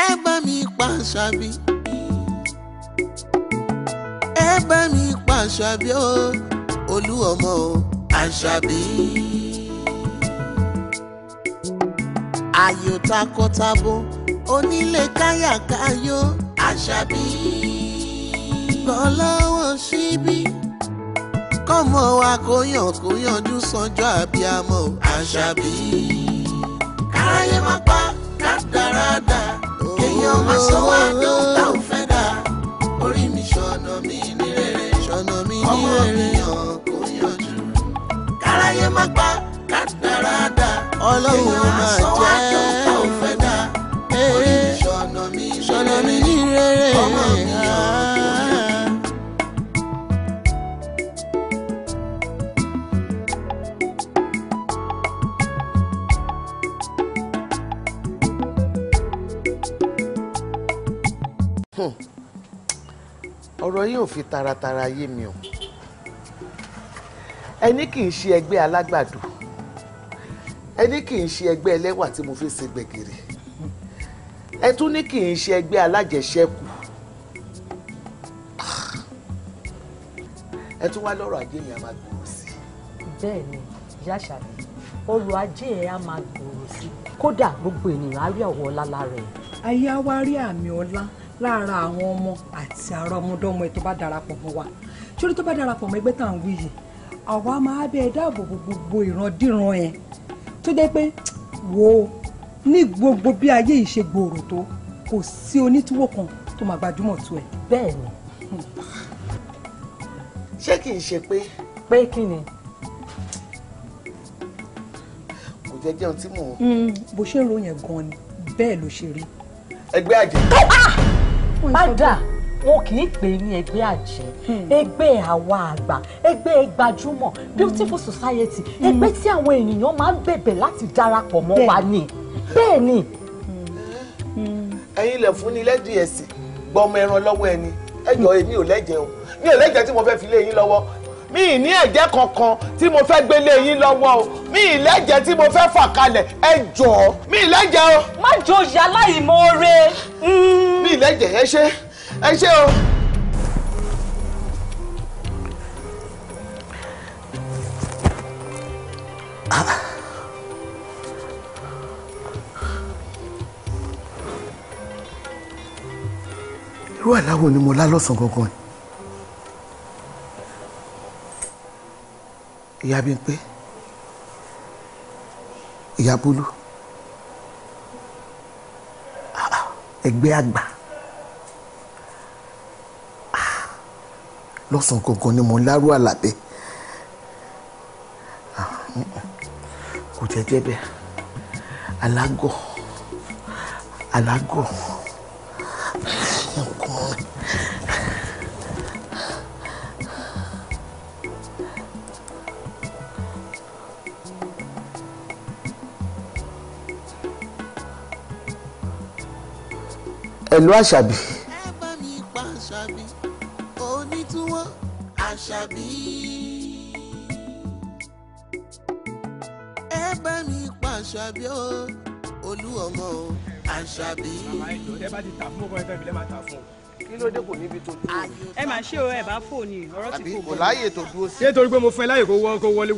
ẹ bá mi pa Àṣàbí ẹ bá mi pa Àṣàbí o olú ọmọ o Àṣàbí. ayò takọtabo onílé káyàkáyò Àṣàbí. kọ́ lọ́wọ́ síbí kọ́mọ wa kó yàn kó yanjú sanjọ́ àbíamọ́ Àṣàbí. káyé má pa kádàrádà èèyàn máa sọ wá dùn tá ò fẹ́ dà orí mi ṣọ̀nà mi ní rere ṣọ̀nà mi ní eh, rere ọmọ mi hàn kò yànjú káráyé má gbà ká dára dà ọlọ́run ó máa jẹ́ orí mi ṣọ̀nà mi ní rere ọmọ mi hàn. ọ̀rọ̀ yìí ò fi taratara yé mi o ẹni kì í ṣe ẹgbẹ́ alágbàdo ẹni kì í ṣe ẹgbẹ́ ẹlẹ́wà tí mo fi ṣe gbẹ̀gìrì ẹ tún ní kì í ṣe ẹgbẹ́ alájẹṣẹ́kù ẹ tún wá lọ́rọ̀ ajé mi a máa gbòòrò sí i. bẹ́ẹ̀ ni ìyá ṣàbí ọrọ̀ ajé ẹ̀ á máa gbòòrò sí i kódà gbogbo ènìyàn á rí ọ̀wọ́ ọlá lára ẹ̀. ayé á rí àmì ọlá láàárín àwọn ọmọ àti àrà ọmọdọ́mọ ẹ tó bá darapọ̀ mọ́ wa torí tó bá darapọ̀ mọ́ ẹgbẹ́ tá à ń wí yìí àwa máa bẹ dáàbò bo gbogbo ìrandíran ẹ tó jẹ́ pé wo ní gbogbo bí ayé yìí ṣe gbòòrò tó kò sí onítúwò kan tó máa gbajúmọ̀ tó ẹ. bẹ́ẹ̀ ni ṣé kì í ṣe pé. pé kí ni. kò jẹ́ jẹun tí mò ń. Hmm, bó ṣe ń ròyìn gan-an ni bẹ́ẹ̀ ló ṣe rí. ẹgbẹ́ àjẹ́. Ah! padà wọn kì í pè ní ẹgbẹ́ àjẹ́ hmm. ẹgbẹ́ àwa àgbà ẹgbẹ́ gbajúmọ̀ hmm. beautiful society hmm. ẹgbẹ́ tí àwọn ènìyàn máa ń bẹ̀bẹ̀ láti darapọ̀ mọ́ wa ni bẹ́ẹ̀ ni. ẹ̀yin ilẹ̀ fún ni lẹ́dìí ẹ̀sìn gbọmọ ẹran lọ́wọ́ ẹni ẹ̀yọ́ èmi ò lẹ́jẹ̀ o mi ò lẹ́jẹ̀ tí mo fẹ́ fi lé yín lọ́wọ́ mi ì ní ẹ̀jẹ̀ kankan tí mo fẹ́ gbé lé yín lọ́wọ́ o mi ì lẹ́jẹ̀ tí mo fẹ́ fà kalẹ̀ ẹ mi ì lẹ́jẹ̀ o. má jòyè aláìmoore. Mm yìí lẹ́jẹ̀ ẹ ṣe ẹ ṣe o. irú àláwọ̀ ni mo lá lọ́sàn-án gangan ni. ìyá Bímpé ìyá Bólú ẹgbẹ́ àgbà. lọ́sàn-án gangan ni mo lárú àlàbẹ́ kò jẹ́jẹ́ bẹ́ẹ̀ alágọ̀ alágọ̀ ẹ̀lú àṣàbí. àṣàbí. ẹ bá mi pa àṣàbí o olú ọmọ o àṣàbí. màmá ẹ jọ ẹ bá ti tà fún bọ́ọ̀ ẹ fẹ́ fi lẹ́ máa tà fún o kí ló dé kò níbi tó dúró. ẹ máa ṣe o ẹ bá fò ní ọ̀rọ̀ tí kò bọ. kò láàyè tó dúró sí. ṣé torí pé mo fẹ́ láyè kó wọlé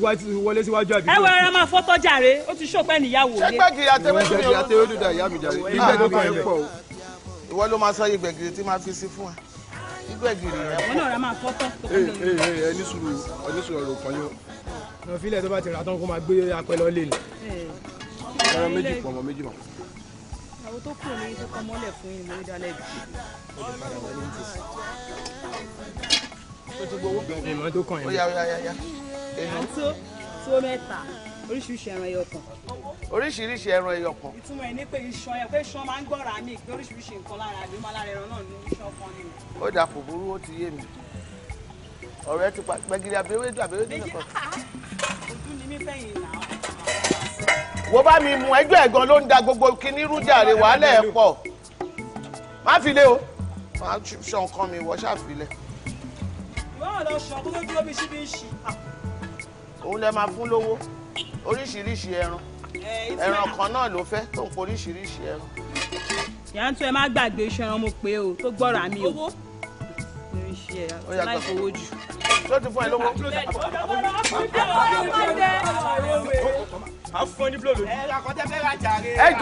wọlé síwájú àbí. ẹ wọ ara máa fọ́tọ́ jàre ó ti ṣòpẹ́ níyàwó lé. ṣé gbẹ̀gìrì àtẹwédú ni o. gbẹ̀gìrì àtẹwédú da ìyá mi jàre. ìgbẹ́ ló kọ́ ẹ pọ̀ o. ìwọ ló máa sọ iye gbẹ̀gìrì tí máa fi sí fún wa igbó ẹ̀gìrì rẹ. wọn náà rà máa fọ́ fọ́. ẹni sùúrù ẹni sùúrù ọ̀rọ̀ kan yóò. lọ fílẹ̀ tó bá ti rà tán kó máa gbé apẹ lọ lé ni. ọmọ méjì pọ̀ ọmọ méjì mọ̀. àwọn tó kù ní tó kọ́ mọ́lẹ̀ fún yín lórí dálẹ́ bí. ó ti gbowó. ìmọ̀ tó kàn yín. ó yá ó yá yá. àǹtó tó mẹ́ta oríṣiríṣi ẹran ẹyọ kan oríṣiríṣi ẹran ẹyọ kan. ìtumọ̀ ẹ̀ ní pé iṣan ẹ̀ pé iṣan máa ń gbọ́ra mi pé oríṣiríṣi nǹkan lára àbí máa lára ẹran náà ní iṣan kan ni. ó dà kò burú ó ti yé mi ọ̀rẹ́ ti pa gbẹ̀gìrì àbẹ̀wédú àbẹ̀wédú nìkan. Ah, ojú ni mí fẹ̀yìn náà. wo bá mi mú ẹjọ́ ẹ̀gan ló ń da gbogbo kinní rújàre wàhálà ẹ̀ pọ̀ má fi lé o má ṣan nǹkan mi wọ́ ṣàfilẹ̀. ìwọ́n lọ ṣàn kó tó dúró bí ṣíbí ń ṣì. òun ẹran kan náà ló fẹ́ tó ń poríṣiríṣi ẹran. ìyáǹtú ẹ má gbàgbé iṣẹ́ ẹran mo pé o tó gbọ́ra mi o. owó oríṣi ẹ láì fowó jù. ló ti fún ẹ lówó. ẹ jọ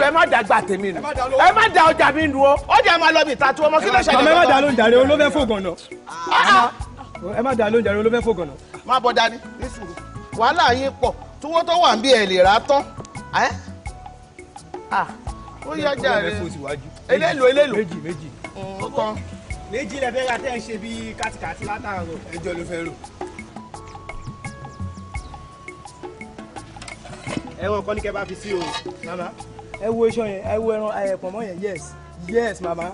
ẹ má da gba tèmi nù ẹ má da ọjà mi nù o ó má lọ bí ìtàtú ọmọ kí ló ṣẹlẹ̀. ẹ má da ló jàre olófẹ́ fògàn ah, ah. ẹ má da ló jàre olófẹ́ fògàn má bọ dání ní wàhálà yín pọ̀ tuwo tó wà ń bí ẹ lè rà tán ẹ ah ó yá jàre elélo elélo méjì méjì ó tán. méjì lẹ fẹ́ ra tẹ́ ẹ ṣe bíi kátikàti látàárọ̀ ẹjọ́ ló fẹ́ rò. ẹran kọ́ ni kẹ́ bá fi sí o mama. ẹ wo iṣan yẹn ẹ wo ẹran ẹ̀pọ̀ mọ́ yẹn yes yes mama.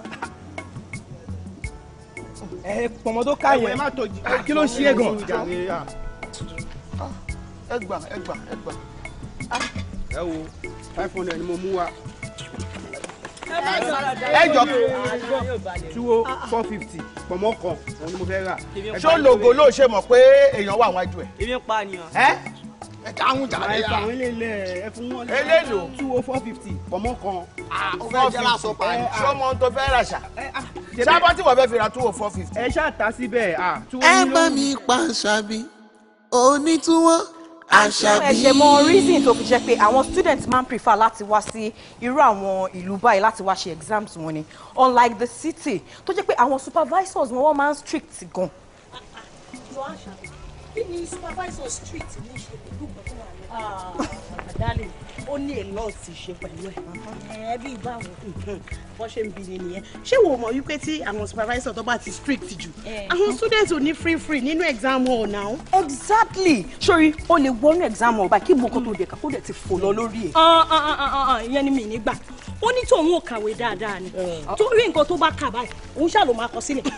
ẹ pọ̀mọ́ tó ká yẹn kí ló ṣe é gan. ẹ gbà ẹ gbà ẹ gbà ẹ wo five hundred ni mo mú wa ẹ jọ tuwo oh four fifty pọmọ kan òun ni mo fẹ́ rà. ṣó lògó ló ṣe mọ̀ pé èèyàn wà wájú ẹ̀. èmi ń pa nìyàn. ẹ ẹ dáhùn jàre ya. àìsàn eléèlé ẹ fún wọn lé. eléèlò tuwo oh four fifty pọmọ kan. o fẹ́ jẹ́ lásán tó fẹ́ rà ṣá. sábà tí wọ́n fẹ́ fi ra tuwo oh four fifty. ẹ ṣáà ta síbẹ̀. ẹ bá mi pa ṣàbí onítúwọ́ àṣàbí. ẹ ṣe mọ reason to fi jẹ́ pé àwọn students máa ń prefer láti wá sí irú àwọn ìlú báyìí láti wá ṣe exams wọn ni unlike the city tó jẹ́ pé àwọn supervisors wọn wọ́n máa ń strict gan. ìjọ àṣà kí strict ní ṣe pẹ̀lú ìgbọ́tọ̀ àlẹ́. àdálẹ́ ó ní a lot ṣe pẹ̀lú ẹ̀. ẹ̀ẹ́dì báwo. Hmm, hmm bọ́n ṣe ń bi ni nìyẹn ṣé wo mọ̀ wípé tí àwọn supervisor tó bá ti strict jù eh. àwọn students ò ní free free nínú exam hall now. exactly sori o lè wọnú exam hall báyìí kí gbogbo tó dé ká kó dẹ̀ ti fò lọ lórí ẹ̀. Ah, ah, ah, ìyẹn ni mi nígbà ó ní tòun ò kàwé dáadáa ni eh. torí nǹkan tó bá kà báyìí òun ṣàlò máa kọ sílẹ̀.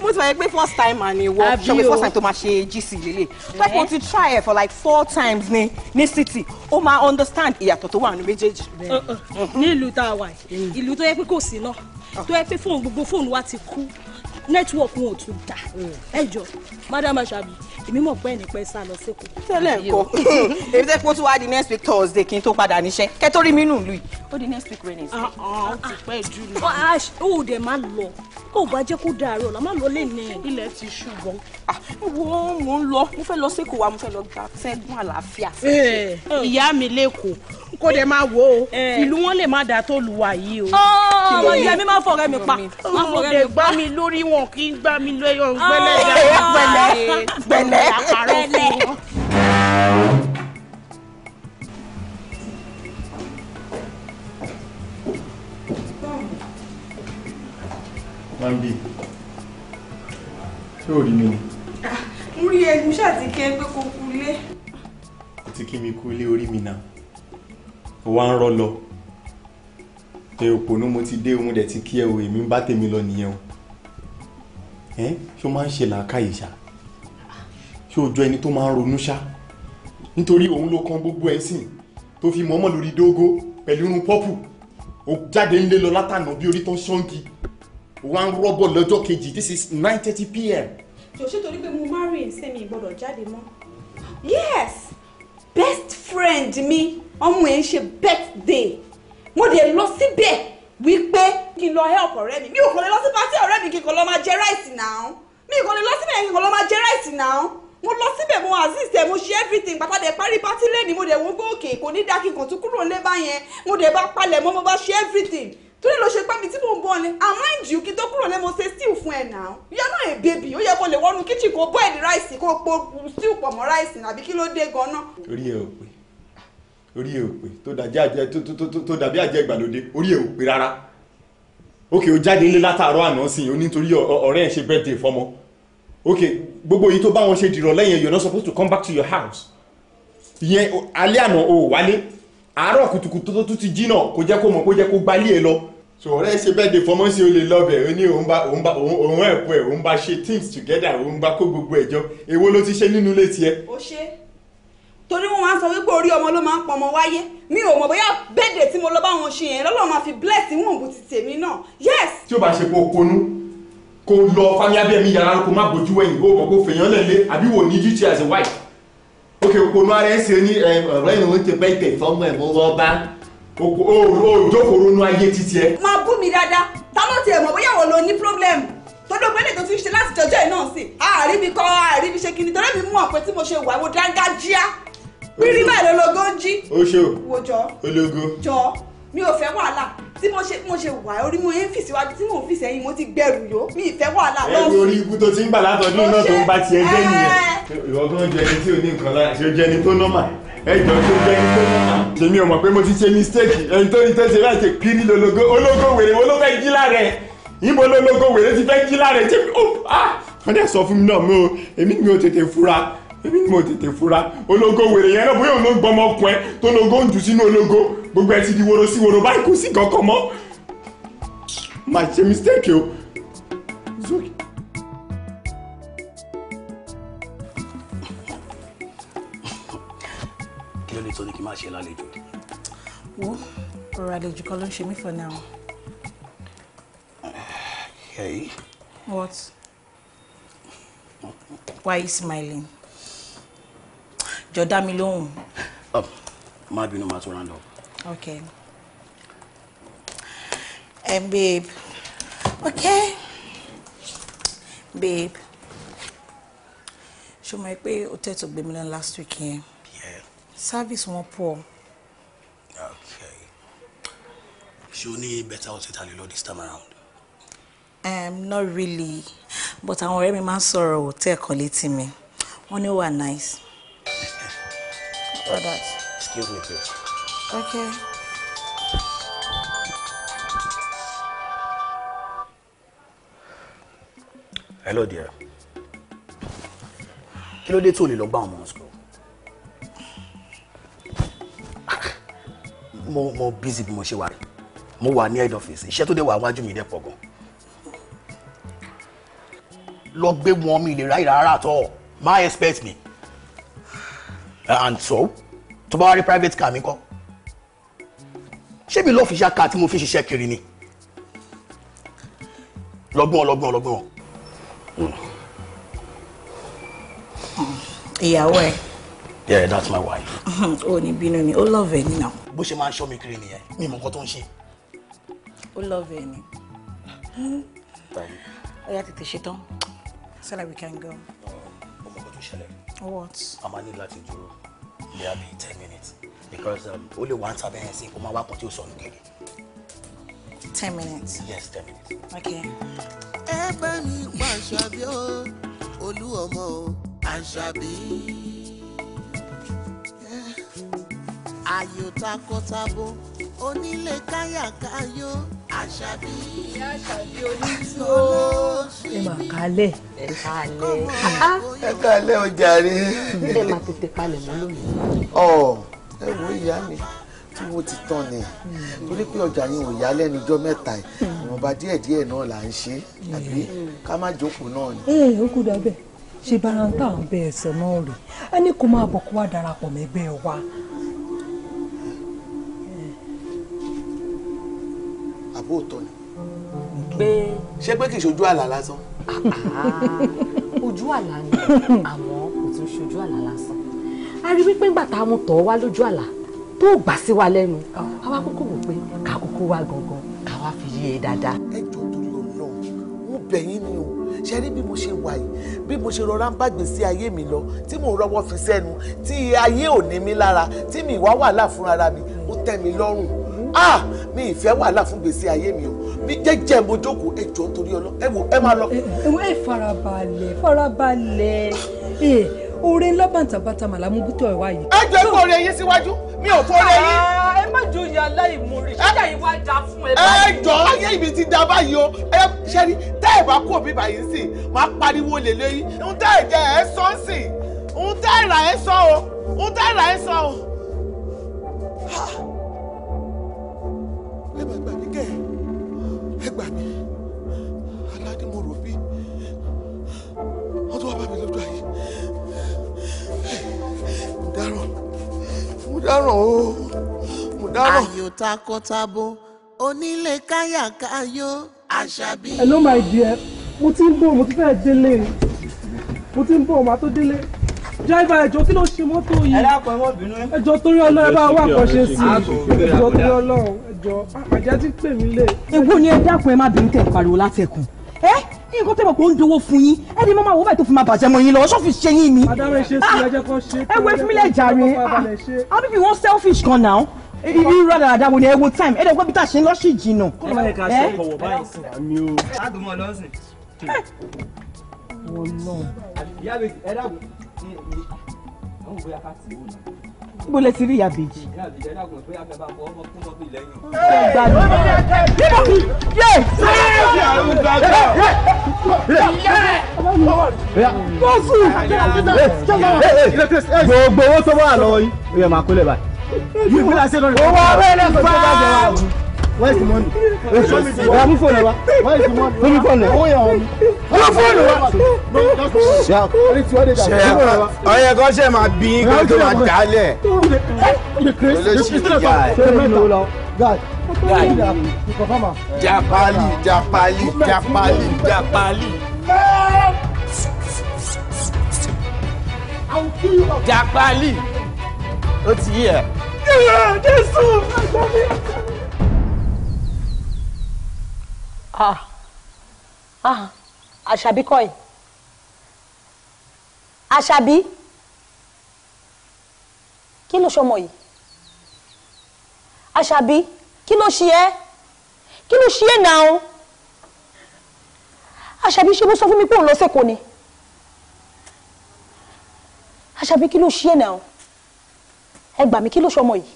mo ti wáyé pé first time ni wọ ṣọwé first time tó máa ṣe gc lélẹ̀ like eh. mo ti try ẹ̀ for like four times ní ní city ó máa understand ìyàtọ̀ tó wà nínú méjèèjì ní ìlú tá a wà yìí mm. ìlú tó yẹ pé kò sí náà ah. tó yẹ pé fóònù gbogbo fóònù wa ti kú nẹ́tíwọ̀kì wọn ò tún dà mm. ẹ jọ madam asabi èmi mọ̀ pé ẹnì pẹ́ sá lọ sẹ́kù. tẹ́lẹ̀ ńkọ́ èmi tẹ́ fún tí wàá di next week thursday kí n tó padà níṣẹ́ kẹ́ tó rí mi nù lùi. ó di next week wednesday. Ah, ah, ó ti pẹ́ jù lọ. ó ò dẹ̀ máa lọ kó o bá jẹ́ kó dàárọ̀ ọ̀la máa lọ lé ní. ilẹ̀ ti ṣùgbọ́n. wọ́n mò ń lọ mo fẹ́ lọ sẹ́kù wa mo fẹ́ lọ gba tẹ́gùn àlàáfíà. Eh. ìyá mi lẹ́kọ̀ọ́ kó dẹ̀ máa wò ó eh. ìlú wọn lè má dà tó lù wá yìí o. Oh, ọmọ ìyá mi máa fọ̀rẹ́ mi pa. ọmọ rẹ gbá mi lórí wọn kì í gbá mi lóyún oh, gbẹlẹ oh, gbẹlẹ gbẹlẹ gbẹlẹ. Bambi, ṣé o rí mi ni? Ah, mo rí ẹnu ṣáà ti kẹ́ pé kò kú ilé. Kò ti kí mi kú ilé orí mi náà ó wá ń rọ́ lọ ẹ òpònú mo ti dé ohun dẹ̀ ti kí ẹ o èmi ń bá tèmi lọ nìyẹn o ẹ ṣó máa ń ṣe làákàyè ṣá ṣó o jọ ẹni tó máa ń ronú ṣá nítorí òun ló kan gbogbo ẹ sìn tó fi mọ́mọ́ lórí dógó pẹ̀lú irun pọ́pù ó jáde ńlé lọ látànà bí orí tán ṣọ́ǹgì wọ́n ń rọ́bọ̀ lọ́jọ́ kejì this is nine thirty pm. jòṣe torí pé mo máa rìn sẹ́mi ìgbọ́dọ̀ jáde mọ́ yes best friend mi ọmọ ẹ̀ ń ṣe birthday mo dẹ̀ lọ síbẹ̀ wípé kí n lọ help ọ̀rẹ́ mi mi ò kàn lè lọ sí pàtí ọ̀rẹ́ mi kí n kàn lọ máa jẹ ráìsì náà mi ò kàn lè lọ síbẹ̀ kí n kàn lọ máa jẹ ráìsì náà mo lọ síbẹ̀ mo assist ẹ̀ mo ṣe everything bàtà dẹ̀ parí pàtí lẹ́ni mo dẹ̀ wọ́n gòkè kò ní dá kí n kàn tún kúrò lé báyẹn mo dẹ̀ bá palẹ̀ mọ́ mo bá ṣe everything torí ló ṣe pẹ́ mi tí mò ń bọ̀ ni and mind you kí n tó kúrò lé mo ṣe stew fún ẹ̀ náà yẹn náà è baby ó yẹ kó lè wọnú kitchen kó boil ráìsì kó po stew pọ̀ mọ́ ráìsì àbí kí ló dé gan-an. orí ẹ ò orí ẹ ò pé tó dàbí àjẹ ìgbàlódé orí ẹ ò pé rárá ókè o jáde nílé látàárọ̀ àná sí o nítorí ọ̀rẹ́ ẹ ṣe birthday fọmọ ókè gbogbo èyí tó bá wọn ṣe dìrọ̀ lẹ́yìn you're not supposed to come back to your house ìyẹn alẹ́ àná o wálé àárọ̀ kùtùkùtù tó tún ti jí náà kò jẹ́ kó mọ̀ kó jẹ́ kó gbálé ẹ lọ so ọ̀rẹ́ ṣe bẹ́ẹ̀ de fọmọ́ sí olè lọ́bẹ̀ ó ní òun bá òun bá òun ẹ̀kọ́ ẹ̀ òun bá ṣe things together òun bá kó gbogbo ẹ̀jọ́ èwo ló ti ṣe nínú ilé tiẹ̀. ó ṣe é torí wọn máa sọ wípé orí ọmọ ló máa ń pọmọ wáyé mi ò mọ̀ bóyá bẹ́ẹ̀dẹ̀ tí mo lọ bá wọn ṣe yẹn lọ́lọ́ máa fi bless wọn bù ti tèmi náà yes. tí o bá ṣe pé konú kó lọ fami abẹ́mi yàrá kó má bójú wẹ̀yìn ó mọ̀ kó fèèyàn lẹ́lẹ́ àbí wò ní duty as a wife ok konú ara ẹ̀ ṣe ní ọ̀rẹ́ ìwọ̀n ti bẹ́ẹ̀ tẹ̀ fọ́mọ ẹ̀ mọ́ lọ́ bá o ronú ayé títí ẹ. máa bú mi dáadáa ta ló tiẹ̀ mọ̀ bóyá wọ́n lo ní problem tọ́jú ọgbẹ́lẹ̀ tó ti ń ṣe láti jọjọ́ ẹ̀ náà sí àárí mi kọ́ àárí mi ṣe kí ni torí mi mú ọ̀pẹ tí mo ṣe wà mo dáńgájíá rírí báyìí lologo ń jí. ó ṣe o wo jọ ológo jọ mi ò fẹ́ wàhálà tí mo ṣe mo ṣe wà orí mo yẹn ń fìsí wájú tí mò ń fìsí ẹyin mo ti gbẹrù yó mi ìfẹ́ wàhálà lọ. ẹrù orí ikú tó ti ń gbà látọdún náà tó ń bá tiẹ̀ jẹ́ nìyẹn. ìwọ gan jẹ ẹni tí ò ní nǹkan lára ṣe jẹ ẹni tó nọ́mà ẹjọ tó jẹ ẹni tó nọ́mà. èmi ò mọ̀ pé mo ti ṣe mistake ẹni tó ní tó ṣe láti kiri lologo ológo wèrè wo ló fẹ́ jí lára ẹ̀ níbo lologo wèrè ti fẹ́ jí lára ẹ̀ èmi ni mo tètè fura ológo wèrè yẹn náà bóyá òun ló ọkùn ẹ tó lógo ń jù sínú ológo gbogbo ẹ ti di woro sí woro báyìí kò sí kankan mọ́ má ṣe mistake o. kí ló lè tó ní kí n máa ṣe lálejò. wo ọ̀rọ̀ àlejò kan ló ń ṣe mí for now. Okay. What? Why are you smiling? jọ dá mi lóhùn. Oh, má bínú máa tún round up. okay. Um, babe okay babe ṣe mọ̀ pé hotel tó gbé mi lọ last week yẹn service wọn pọ̀. okay ṣé o ní better hotel tàlẹ́ lọ this time around. Um, not really but àwọn ọ̀rẹ́ mi máa ń sọ̀rọ̀ hotel kan létí mi wọ́n ní ó wà nice orders. Excuse me, please. Okay. Hello, dear. Kí ló dé tó lè lọ gbá ọmọ wọn sọ? Mo mo busy bí mo ṣe wà rí. Mo wà ní head office. Iṣẹ́ tó dé wà wájú mi dẹ̀ pọ̀ gan. Lọ gbé wọn mi lè ráyè rárá tọ̀. Má expect me and so tó bá wá rí private car mi kọ́ ṣébi lọ́ọ́ fi ṣá car tí mo fi ṣiṣẹ́ kiri ni lọ́gbọ́n lọ́gbọ́n lọ́gbọ́n. ìyàwó ẹ. yeah that's my wife. o hm, ní bínú ni ó love ẹ nínà. bó ṣe máa ń ṣọ́ mi kiri nìyẹn mi mọ̀ nǹkan tó ń ṣe. ó love ẹ ni. Hm. ó tètè ṣetán so that we can go. ọmọ uh, kan tó ṣẹlẹ̀. what. a máa ní láti dúró bí a ten minutes because um, ó lè wá ń sábẹ́ yẹn sí kó máa wá ten minutes. yes ten minutes. okay. ẹ bá mi pa Àṣàbí àṣàbí àṣàbí onítúwó. ẹ mà kálẹ̀. ẹ kálẹ̀. Ah. ẹ kálẹ̀ o jàre. ẹ máa tètè palẹ̀ mọ́ lónìí. ọ ẹ wo ìyá mi tí wọ́n ti tán ni hmm. torí pé ọjà yẹn ò yá lẹ́nu ọjọ́ mẹ́ta yìí hmm. ìwọ̀nba díẹ̀díẹ̀ náà là ń ṣe hmm. àbí ká má jókòó náà ni. ẹ ẹ kú dábẹ́ ṣe bára ń tà bẹ ẹ̀sẹ̀ náà rè é ní kó máa bọ̀ kó wá darapọ̀ mẹ́gbẹ́ wa. àbóòtọ́ ni. pé ṣé pé kì í ṣojú àlá lásán. Ah, ojú àlá ni àmọ́ kò tún ṣojú àlá lásán a rí wípé ńgbà tá a mú tọ́ wá lójú àlá tó gbà sí wa lẹ́nu àwa kókó wò pé ká kókó wa gangan ká wá fi yé e dáadáa. ẹ jọ torí Ọlọ́run mo bẹ̀ yín ni o ṣe rí bí mo ṣe wà yìí bí mo ṣe rọra ń bá gbèsè ayé mi lọ tí mò ń rọwọ́ fi sẹ́nu tí ayé ò ní mi lára tí mi ìwà wàhálà fúnra mi ó tẹ́ mi lọ́rùn ah mi ìfẹ́ wàhálà fún gbèsè ayé mi o mi jẹ́jẹ́ mo jókòó ẹ jọ̀ọ́ nítorí Ọlọ́run ẹ wò ẹ máa lọ. ẹ farabalẹ̀ farabalẹ̀ oore ńlá bàtàbàtà màlá mú bútọ̀ ẹ̀ wá yìí. ẹ jẹ́ kó oore yín síwájú mi ò fọ́ oore yín. Ah, ẹ má jó ìyá aláìmoore ṣíṣe ìwà da fún ẹ ẹ jọ ayé ibi ti da báyìí o ẹ ṣe ni tẹ́ ẹ bá kó òbí báyìí sí máa pariwo lè lóyún ń tẹ́ ẹ jẹ ẹ sọ ń sìn ń tẹ́ ẹ rà ẹ sọ o ń tẹ́ ẹ rà ẹ sọ o. ẹ gbà mí aládé mo rò bí wọ́n tó wá bá mi lójú ayé mo dáràn o mo dáràn. ayò takọtabo onílé káyàkáyò àṣàbí. hello my dear mo ti ń bọ̀ mo ti fẹ́ délé mo ti ń bọ̀ màá tó délé driver ẹjọ́ kí ló ṣe mọ́tò yìí ẹjọ́ torí Ọlọ́run ẹ bá wà kàn ṣe sí i ẹjọ́ torí Ọlọ́run ẹjọ́ àjẹ́ ti pè mí lè. èwo ni ẹ dákun ẹ má bínú tẹ̀ ń pariwo látẹ̀kùn ẹ nǹkan tẹ́ mọ̀ ń dowó fún yín ẹ ní mọ́mọ́ àwọn báyìí tó fi máa bàjẹ́ mọ́ yín lọ ṣọ́ọ̀fì ṣe yín ni. adarí ṣe sí ẹjẹ́ kan ṣe. ẹ wo efi mi lẹ jàre abibi wọn selfish kan náà irú rárá dáwọ ni ẹ wo time ẹ dẹ̀ gbọ́ bí tá a ṣe ń lọ sí ìjìnà. kọ́ńtà ká ṣe ìkọ̀wọ̀ báyìí sí àmì o níbo lẹ ti rí gbogbo owó tó wà lọ́wọ́ yìí ó yẹ máa kó lẹ̀ báyìí. owó abẹ́rẹ́ kò tó bá jẹ wá. Where's the money? Where's the money? Where's the money? Where's the money? Where's the money? Where's the money? Ṣé ọ̀yẹ́ kan ṣe máa bí i kí ló máa dálẹ̀? Olóṣìṣẹ́ yà ẹ̀. Japali, Japali, Japali, Japali. Japali. Ó ti yí ẹ̀. Jésù! Àjọ mi! Ah. Ah. àṣàbí kọ́ ẹ̀ àṣàbí kí ló ṣọmọ yìí àṣàbí kí ló ṣe ẹ́ kí ló ṣe é náà àṣàbí ṣe bó sọ fún mi pé òun lọ sẹ́kọ̀ọ́ ni àṣàbí kí ló ṣe é náà ẹ gbà mí kí ló ṣọmọ yìí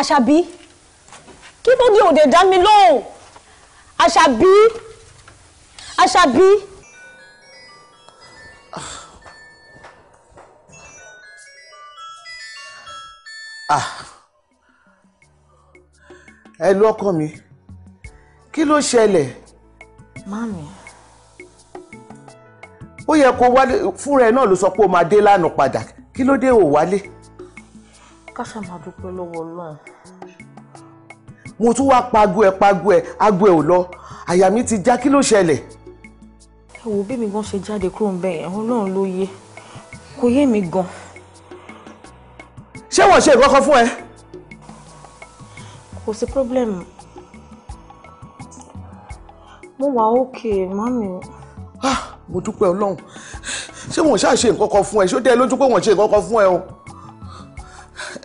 àṣàbí kí ló dé òde dá mi lóhùn àṣàbí àṣàbí. Ah. ẹ lú ọkọ mi kí ló ṣẹlẹ̀. mami. ó yẹ kó wálé fúnra ẹ náà ló sọ pé ó máa dé lánàá padà kí ló dé ò wálé. ká ṣáà lọ́wọ́ ọlọ́run mo tún wá pago ẹ pago ẹ ago ẹ ò lọ àyà mi ti já kí ló ṣẹlẹ̀. ẹ wo bí mi gan ṣe jáde kúrò ń bẹ yẹn Ọlọ́run ló yé kò yé mi gan. ṣé wọ́n ṣe ìkọ́kọ́ fún ẹ. kò sí pírọ́blẹ́mù mo wà òkè mọ́mì. Ah, mo dúpẹ́ Ọlọ́run ṣé wọ́n ṣáà ṣe ìkọ́kọ́ fún ẹ ṣó dẹ́ lójú pé wọ́n ṣe ìkọ́kọ́ fún ẹ o.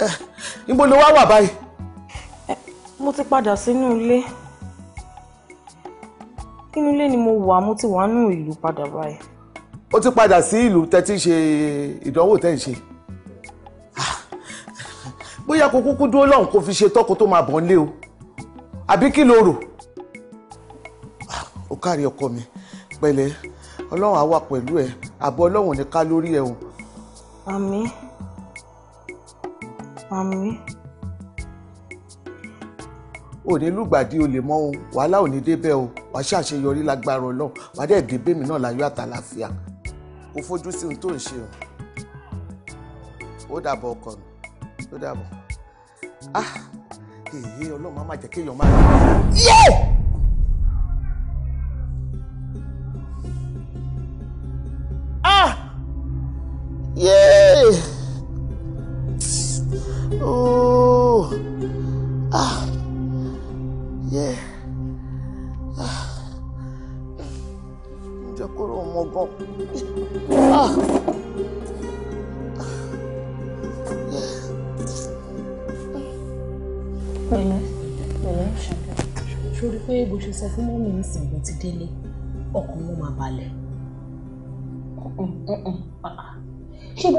Eh, níbo ló wá wà báyìí mo ti padà sínú ilé inú ilé ni mo wà mo ti wà nù ìlú padà báyìí. ó ti padà sí ìlú tẹ́tí ṣe ìdánwò tẹ́ ń ṣe bóyá kó kúkú dúró lọ́hùn kó fi ṣe tọ́kọ tó máa bọ̀ nílé o àbí kí lo rò ó kárí ọkọ mi pẹ̀lẹ́ ọlọ́run á wà pẹ̀lú ẹ àbọ̀ ọlọ́run ní ká lórí ẹ o. àmín àmín òní lùgbàdì olè mọ́ o wàhálà òní débẹ̀ o wàá ṣàṣeyọrí lágbára ọlọ́run wàá dẹ̀ dé bẹ́mi náà láyọ̀ àtàlàfíà o fojú sí ohun tó ń ṣe o ó dàbọ̀ ọkọ mi ó dàbọ̀ ah èyí ọlọ́run á má jẹ́ kéèyàn máa. yẹ́ẹ̀.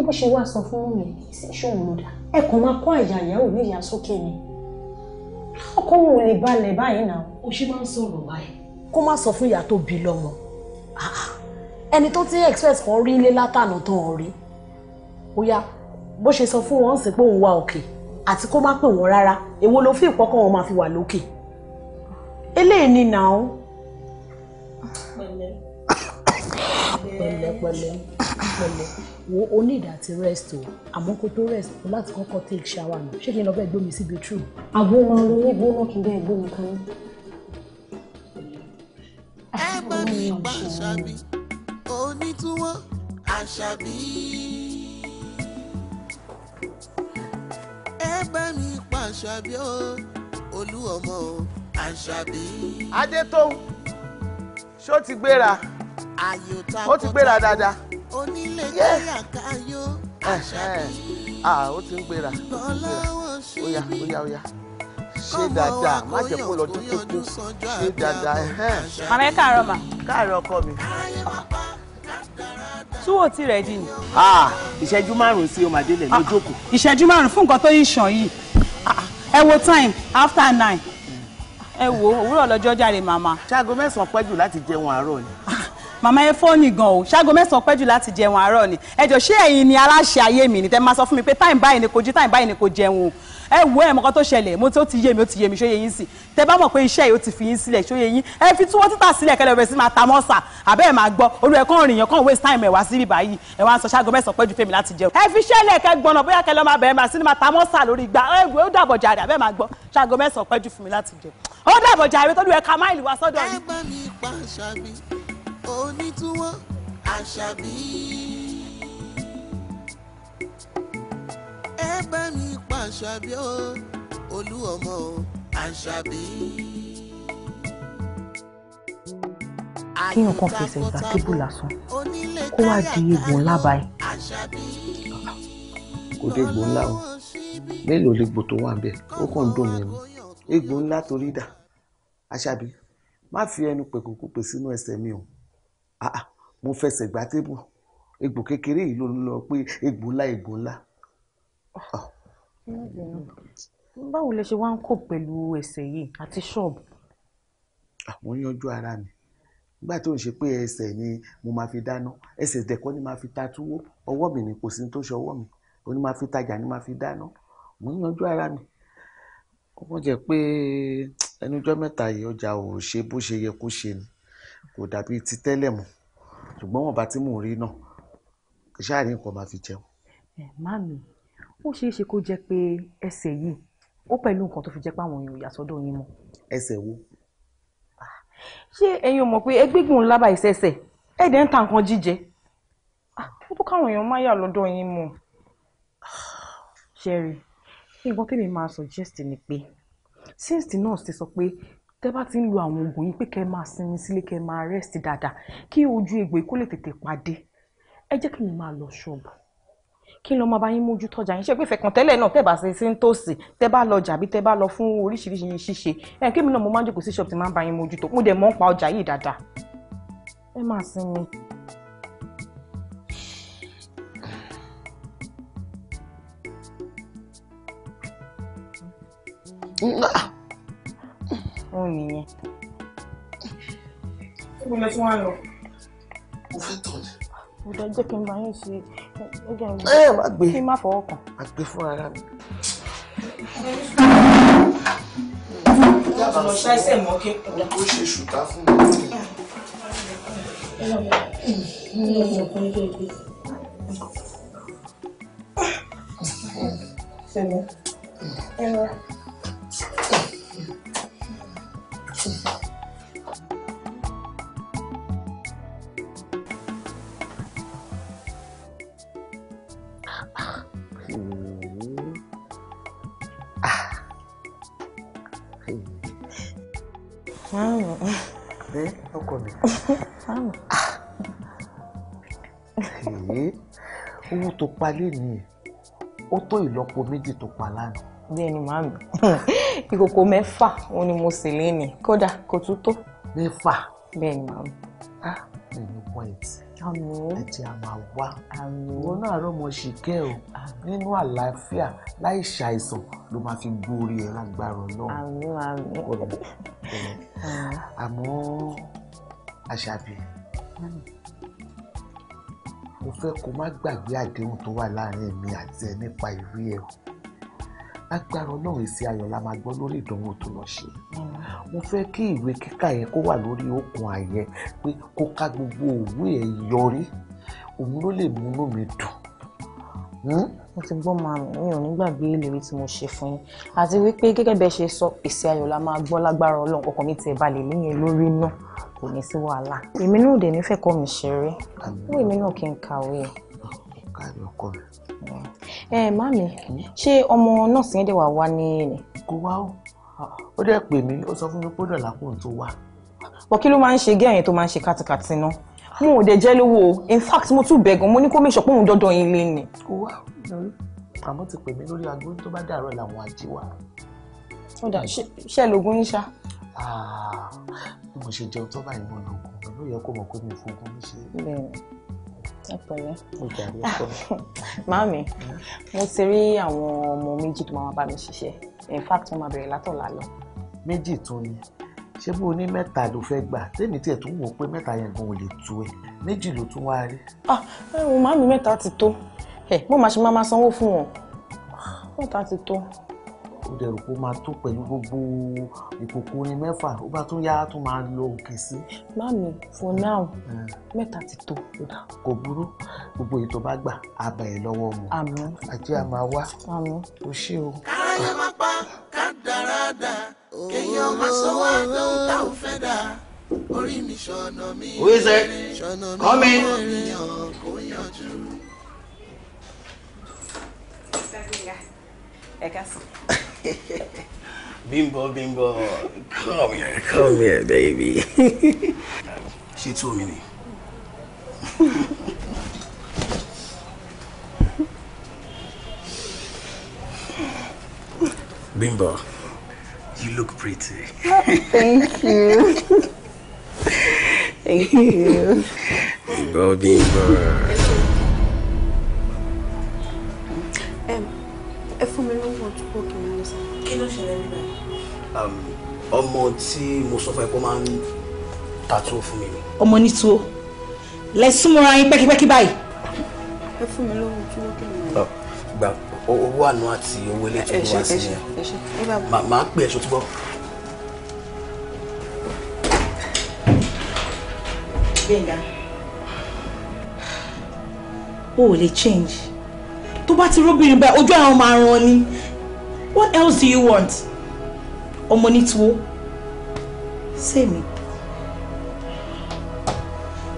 bó ṣe wá sọ fún mi sí ṣóun ló dá ẹ kàn máa kó àyà ìyàwó mi yà sókè ni ọkọ mi ò lè balẹ̀ báyìí náà. o ṣe máa ń sọ̀rọ̀ báyìí. kó má sọ fún ìyá tó bí lọ́mọ ah, ẹni tó ti express kan rí ilé látànà tó hàn rí ó yá bó ṣe sọ fún wọn ń sìn pé òun wà òkè àti kó má pè wọ́n rárá èwo ló fi ìpọ́kàn wọn máa fi wà lókè eléyìí ni nà ó. pẹ̀lẹ́ pẹ̀lẹ́ pẹ̀lẹ́ pẹ̀lẹ́ wo o need àti rest o àmọ́ kó tó rest o láti kọ́kọ́ take shower nù ṣé kí n lọ bẹ́ẹ̀ gbómi sí bathroom. àbúrò máa ń lo ní gbóná kí n bẹ́ẹ̀ gbómi kan. ẹ bá mi pa àṣàbí onítúwọ́ àṣàbí. ẹ bá mi pa àṣàbí o olú ọmọ o àṣàbí. adé tó ṣó ti gbéra ó ti gbéra dáadáa onílé jẹ́yà káyó àṣàbí. ó ti ń gbéra ó yá ó yá ó yá ṣe dáadáa má jẹ́ kó lọ dídí kú ṣe dáadáa. màmá ẹ káàárọ̀ mà. káàárọ̀ ọkọ mi. túwò tí rẹ jìn. ìṣẹ́jú márùn-ún sí ọmọdé lẹ̀ lójókòó. ìṣẹ́jú márùn-ún fún nǹkan tó yín sàn yìí ẹ wo time after nine ẹ wo òwúrọ̀ lọ́jọ́ jáde màmá. ṣáàgó mẹ́sàn-án pẹ́jù láti jẹun àárọ̀ ni màmá yẹn fóònù gan o ṣáàgó mẹ́sàn-án pẹ́jù láti jẹun àárọ̀ ni ẹ jọ ṣé ẹ̀yin ni aláṣẹ ayé mi ni tẹ́ máa sọ fún mi pé táìm báyìí ni kò jí táìm báyìí ni kò jẹun o ẹ wo ẹ mọ̀kọ́ tó ṣẹlẹ̀ mo tó ti yé mi ó ti yé mi ṣóye yín sí tẹ bá mọ̀ pé iṣẹ́ yìí ó ti fi yín sílẹ̀ ṣóye yín ẹ fi túwọ́ títà sílẹ̀ kẹlẹ́ ọbẹ̀ sí máa ta mọ́sà àbẹ́ ẹ̀ máa gbọ́ olú ẹ̀ kàn rìn yàn kàn waste time ẹ̀ wá síbí báyìí ẹ̀ wá ń sọ ṣáàgó mẹ́sàn-án pẹ́jù fèmí láti jẹun. ẹ fi ṣẹlẹ̀ kẹ gbọ́nà bóyá kẹlẹ́ ọmọ abẹ́rẹ́ máa sí ni máa ta mọ́sà lórí igba ẹ wo ó dàbọ̀ jàre àbẹ́ máa gbọ́ ṣáàgó mẹ́sàn-án pẹ́jù fún mi láti jẹun. ó dàbọ̀ jàre tó lù ẹ ka máìlì wá sọ́dọ̀ yìí. ẹ gbọ́ mi pa ṣáàbì onítúwọ́ àṣàbí. ẹ bá mi pa àṣàbí o olú ọmọ o àṣàbí. kí nǹkan fẹsẹ̀ gbà kébù lásán kó wá di egbò ńlá báyìí. kò dé egbò ńlá o mélòó legbò tó wà bẹ́ẹ̀ ó kàn ń dùn mí ni egbò ńlá torí dà àṣàbí má fi ẹnu pẹ̀kùkù pè sínú ẹsẹ̀ mi o. Ah, ah, mo fẹsẹ̀ gbá tébù egbò kékeré yìí ló ń lọ pé egbò ńlá egbò ńlá. Ah. báwo lẹ ṣe wá ń kó pẹ̀lú ẹsẹ̀ yìí àti ṣọ́ọ̀bù. àwọn yanjú ara mi nígbà tó ń ṣe pé ẹsẹ̀ ni mo máa fi dáná ẹsẹ̀ dẹ̀kọ́ ni máa fi ta túwó ọwọ́ mi ni kò sí tó ṣe ọwọ́ mi òun ni máa fi tajà ni máa fi dáná mo ń yanjú ara mi ó kàn jẹ́ pé ẹnujọ́ mẹ́ta yìí ọjà ò ṣe bó ṣe yẹ kó ṣe ni kò dàbí ti tẹ́lẹ̀ mọ́ ṣùgbọ́n wọn bá tí mò ń rí náà kì í ṣáà rí nǹkan máa fi jẹun. ẹ màmí ó ṣeé ṣe kó jẹ́ pé ẹsẹ̀ yìí ó pẹ̀lú nǹkan tó fi jẹ́ pé àwọn èèyàn ò yà sọ́dọ̀ yín mọ́. ẹsẹ̀ wo. Ah, ṣé ẹ̀yin ò mọ̀ pé ẹgbẹ́gùn ńlá bá ìṣẹ̀ṣẹ̀ ẹ̀dẹ̀ ń ta nǹkan jíjẹ ah, ó tó káwọn èèyàn máa yà lọ́dọ̀ yín mọ́. Ah, ṣẹ́rí nǹkan tèmi máa suggest ni pé since the ti sọ pé tẹ́ bá ti ń lo àwọn oògùn yìí pé kẹ́ ẹ máa sinmi sílé kẹ́ ẹ máa rest dáadáa kí ojú egbò yìí kó lè tètè pàdé ẹ jẹ́ kí mi máa lọ ṣọ́ọ̀bù kí n lọ máa bá yín mójú tọ́jà yín ṣe pé ìfẹ̀kàn tẹ́lẹ̀ náà tẹ́ bá ṣe sí ń tòsí tẹ́ bá lọ jàbí tẹ́ bá lọ fún oríṣiríṣi ṣíṣe ẹ̀ kí mi náà mo máa ń jòkó sí ṣọ́ọ̀bù tí máa ń bá yín mójú tó mo dẹ̀ mọ́ ń pa ọjà yìí dáadáa ẹ máa sinmi. Ah òun nìyẹn. ṣé mo lọ sí mo fẹ́ tọ̀ ni. mo dá jẹ́ kí n máa yín sí ẹ má gbé kí n má fọwọ́ kàn. má gbé fún ara mi. yàtọ̀ lọ ṣáìsẹ̀ mọ́ kí. ó ṣe ṣùtá fún mi. Thank you. pa lẹ́nu yìí ó tó ìlọ́po méjì tó pa lánàá. bẹ́ẹ̀ ni màámi ìkòkò mẹ́fà òun ni mo sì lé ní kódà kò tún tó. mẹ́fà. bẹ́ẹ̀ ni màámi. ẹni point. àmín. ẹ jẹ́ a máa wá. àmín. òun náà rọ́mọ ṣìkẹ́ o nínú àlàáfíà láì ṣàìsàn ló máa fi gbórí ẹ lágbára náà. àmín àmín. àmọ́ àṣàbí mo fẹ́ kó má gbàgbé àdéhùn tó wà láàrin èmi àti ẹ nípa ìwé ẹ o agbára ọlọ́run èsì ayọ̀ la máa gbọ́ lórí ìdánwò tó lọ ṣe mo fẹ́ kí ìwé kíkà yẹn kó wà lórí okùn àyẹ pé kó ká gbogbo òwe ẹ̀ yọrí òun ló lè múnú mi dùn. Hmm? mo ti gbọ́ máa mi mi ò ní gbàgbé ìlérí tí mo ṣe fún yín àti wípé gẹ́gẹ́ bẹ́ẹ̀ ṣe sọ èsì ayọ̀ la máa gbọ́ lágbára ọlọ́run ọkàn mi ti balẹ̀ níyẹn lórí náà kò ní sí wàhálà èmi náà dẹ̀ nífẹ̀ẹ́ kọ́ mi ṣeré fún èmi náà kí n kàwé ẹ̀. kàwé ọkọ mi. ẹ màmí ṣé ọmọ nọ́ọ̀sì yẹn dẹ̀ wà wá ní ẹ̀nì. kò wá o ó dẹ̀ pè mí ó sọ fún mi pé ó dọ̀là kóun tó wá. bọ̀ kí ló máa ń ṣe gẹ́yìn mo ò dẹ̀ jẹ́ lówó o in fact mo tún bẹ̀gàn mo ní kó mẹ́sọ̀ pé òun dọ́dọ̀ yín lé ni. Oh, àmọ́ ti pè mí lórí aago tó bá dàrọ̀ làwọn àjí wà. ó dà ṣe lóògùn yín ṣá. Ah, bí mo ṣe jẹun tó báyìí mo lògùn mi ló yẹ kó mọ̀ pé mi fògùn mi ṣe. ẹpẹ̀lẹ́ màámi mm-hmm. mo ti rí àwọn ọmọ méjì tó máa bá mi ṣiṣẹ́ in fact wọ́n máa bẹ̀rẹ̀ látọ̀la lọ. méjì tó ni ṣé bó o ní mẹ́ta ló fẹ́ gbà tèmi tiẹ̀ tún wò ó pé mẹ́ta yẹn gan ò lè tu ẹ̀ méjì ló tún wáá rí. ah ẹ̀hún màmí mẹ́ta ti tó ẹ̀ mo máa ṣe máa máa sanwó fún wọn mẹ́ta ti tó. ó dẹ̀rù kó máa tó pẹ̀lú gbogbo ìkòkò ní mẹ́fà ó bá tún yá tún máa lọ òkè sí. màmí for mm, now mm. mẹ́ta ti tó. kò burú gbogbo ètò bá gbà àbà ẹ̀ lọ́wọ́ mu. àjẹ́ àmà wá. àmín. ṣe o. káyọ̀ máa pa ká dáradà kéèyàn máa sọ́wọ́ àdéhùn tá ò fẹ́ dà orí mi ṣọ̀nà mi rere ṣọ̀nà mi rere kò yànjú. Bimbo, Bimbo, come here, come here, baby. She tó mi ni? Bimbo you look pretty. Thank you. Thank you. Bimbo, bimbo. Um, ẹ fún mi lówó tó kó kí n lọ sí. Kí Um, ṣẹlẹ̀ nígbà yìí? Ọmọ tí mo sọ fún ẹ kó máa ń tatuó fún mi ni. Ọmọ ní tuó. Lẹ súnmọ́ra yín pẹ́kípẹ́kí báyìí. Ẹ fún mi lówó tó kó kí n lọ. Oh, gbà owó àná àti owó ilé tó wá sí yẹn màá pè ẹ́ ṣòtúbọ̀. Gbẹ̀ngà o ò lè change tó bá ti róbìnrin báyìí ojú àwọn máa ran ni what else do you want ọmọ ní tuwo sèmi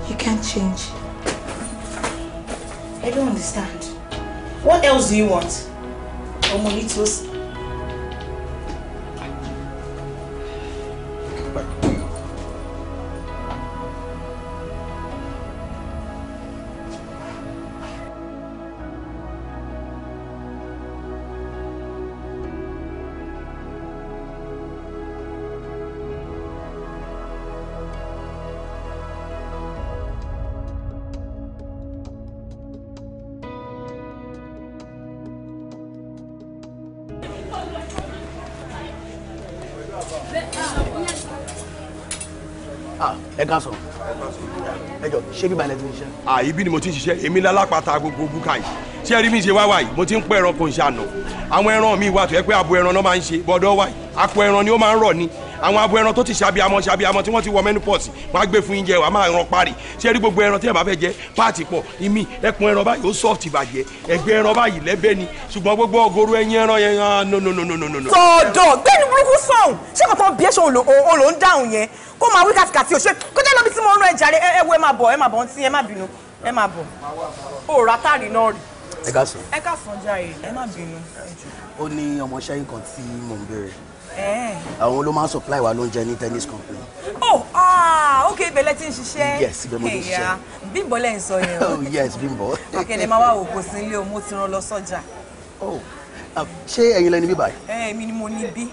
you can't change I don't understand. What else do you want? Ọmọ ní ká sọ ẹjọ ṣé bíbá ilẹ̀ ti ń ṣiṣẹ́. àyè bí ni mo ti ń ṣiṣẹ́ èmi lálápàtà gbogbo búkà yìí ṣé ẹ rí mi ṣe wá wáyìí mo ti ń pẹ́ ẹran kò ń ṣàná àwọn ẹran mi wà tó yẹ pé abo ẹran náà máa ń ṣe bọ́dọ̀ wáyìí akọ ẹran ni ó máa ń rọ̀ ni àwọn abo ẹran tó ti ṣàbíamọ ṣàbíamọ tí wọ́n ti wọ menopause wọ́n á gbé fún yín jẹ wàá máa ràn parí ṣé rí gbogbo ẹran tí ẹ bá fẹ́ jẹ páàtì pọ̀ ìmí ẹkùn ẹran báyìí ó soft ìbàjẹ́ ẹgbẹ́ ẹran báyìí lẹ́bẹ́ ni ṣùgbọ́n gbogbo ọgọ́rù ẹyin ẹran yẹn hàn ah, no no no no no no. sọ̀dọ̀ gbẹ́ni burúkú sọ̀hún ṣé kò tán bíẹ́ṣọ̀ olò ń dáhùn yẹn kó máa wí kàtìkàtì òṣè kó jẹ́ lọ́bi tí mo rán ẹ Eh. àwọn ló máa ń supply wa lóúnjẹ ní tennis company. oh ah ok ibẹ̀ lẹ ti ń ṣiṣẹ́. yes ibẹ̀ mo ti ṣiṣẹ́. bímbọ lẹ ń sọ yẹn o. Oh, yes bímbọ. akẹ́lẹ́ máa wá òkò sí ilé o mo ti rán lọ sọ́jà. oh ah, ṣé ẹ̀yin lẹni bíbá yìí. ẹ eh, mi ni mo ní bí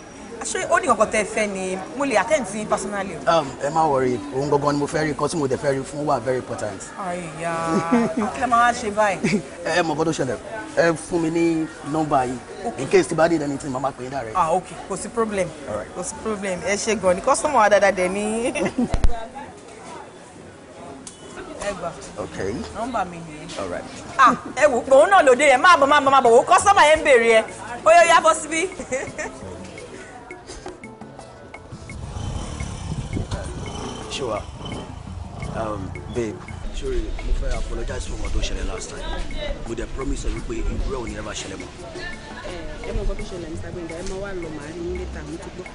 ṣé ó ní kankan tẹ́ fẹ́ ni mo lè attend sí personally. Um, ẹ má worry òun gangan ni mo fẹ́ rí kan tí mo dẹ̀ fẹ́ rí fún wa very important. àyà kí ló máa ṣe báyìí. ẹ mọ̀ gbọ́dọ̀ ṣẹlẹ̀ ẹ fún mi ní nọ́mbà yìí in case tí bá need anything màmá pè é dà rẹ. ah ok kò sí problem kò sí problem ẹ ṣe gan ni customer wa dáadáa dẹ̀ ní. ẹgbà. okay. nọ́mbà mi nìyẹn. all right. ah ẹ wò pé òun náà lòdì rẹ máa bọ̀ máa bọ̀ máa bọ̀ wò kọ́sọ́mà yẹn ń béèrè ẹ ó yọ yá síbí. Sure. Um, babe. Sure, mo fẹ́ apologize for what I said last time. Mo dẹ̀ promise that you will irú ẹ̀ ò ní ever ṣẹlẹ̀ mọ́. Ẹ mọ nǹkan tó ṣẹlẹ̀ Mr. Gbẹ̀ngà, ẹ máa wá lọ màá rí yín létà, mo ti gbọ́.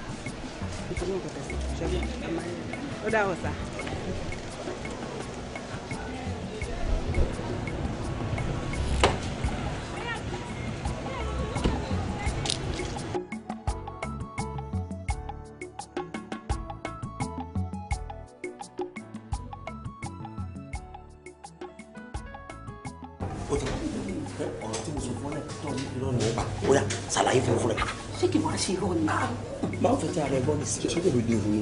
Mo ti gbọ́ nǹkan tẹ̀sán, ṣẹ́gun, ẹ máa rí. Ó dà wọ̀ sá. irọ́ ni wọ́n pa ó yà ṣàlàyé fún un fúnra. ṣé kì máa ṣe irọ́ ni. Ah, máa fẹ́ tí ara ẹ bọ́ ní sí. ṣé kò bí léwu ni.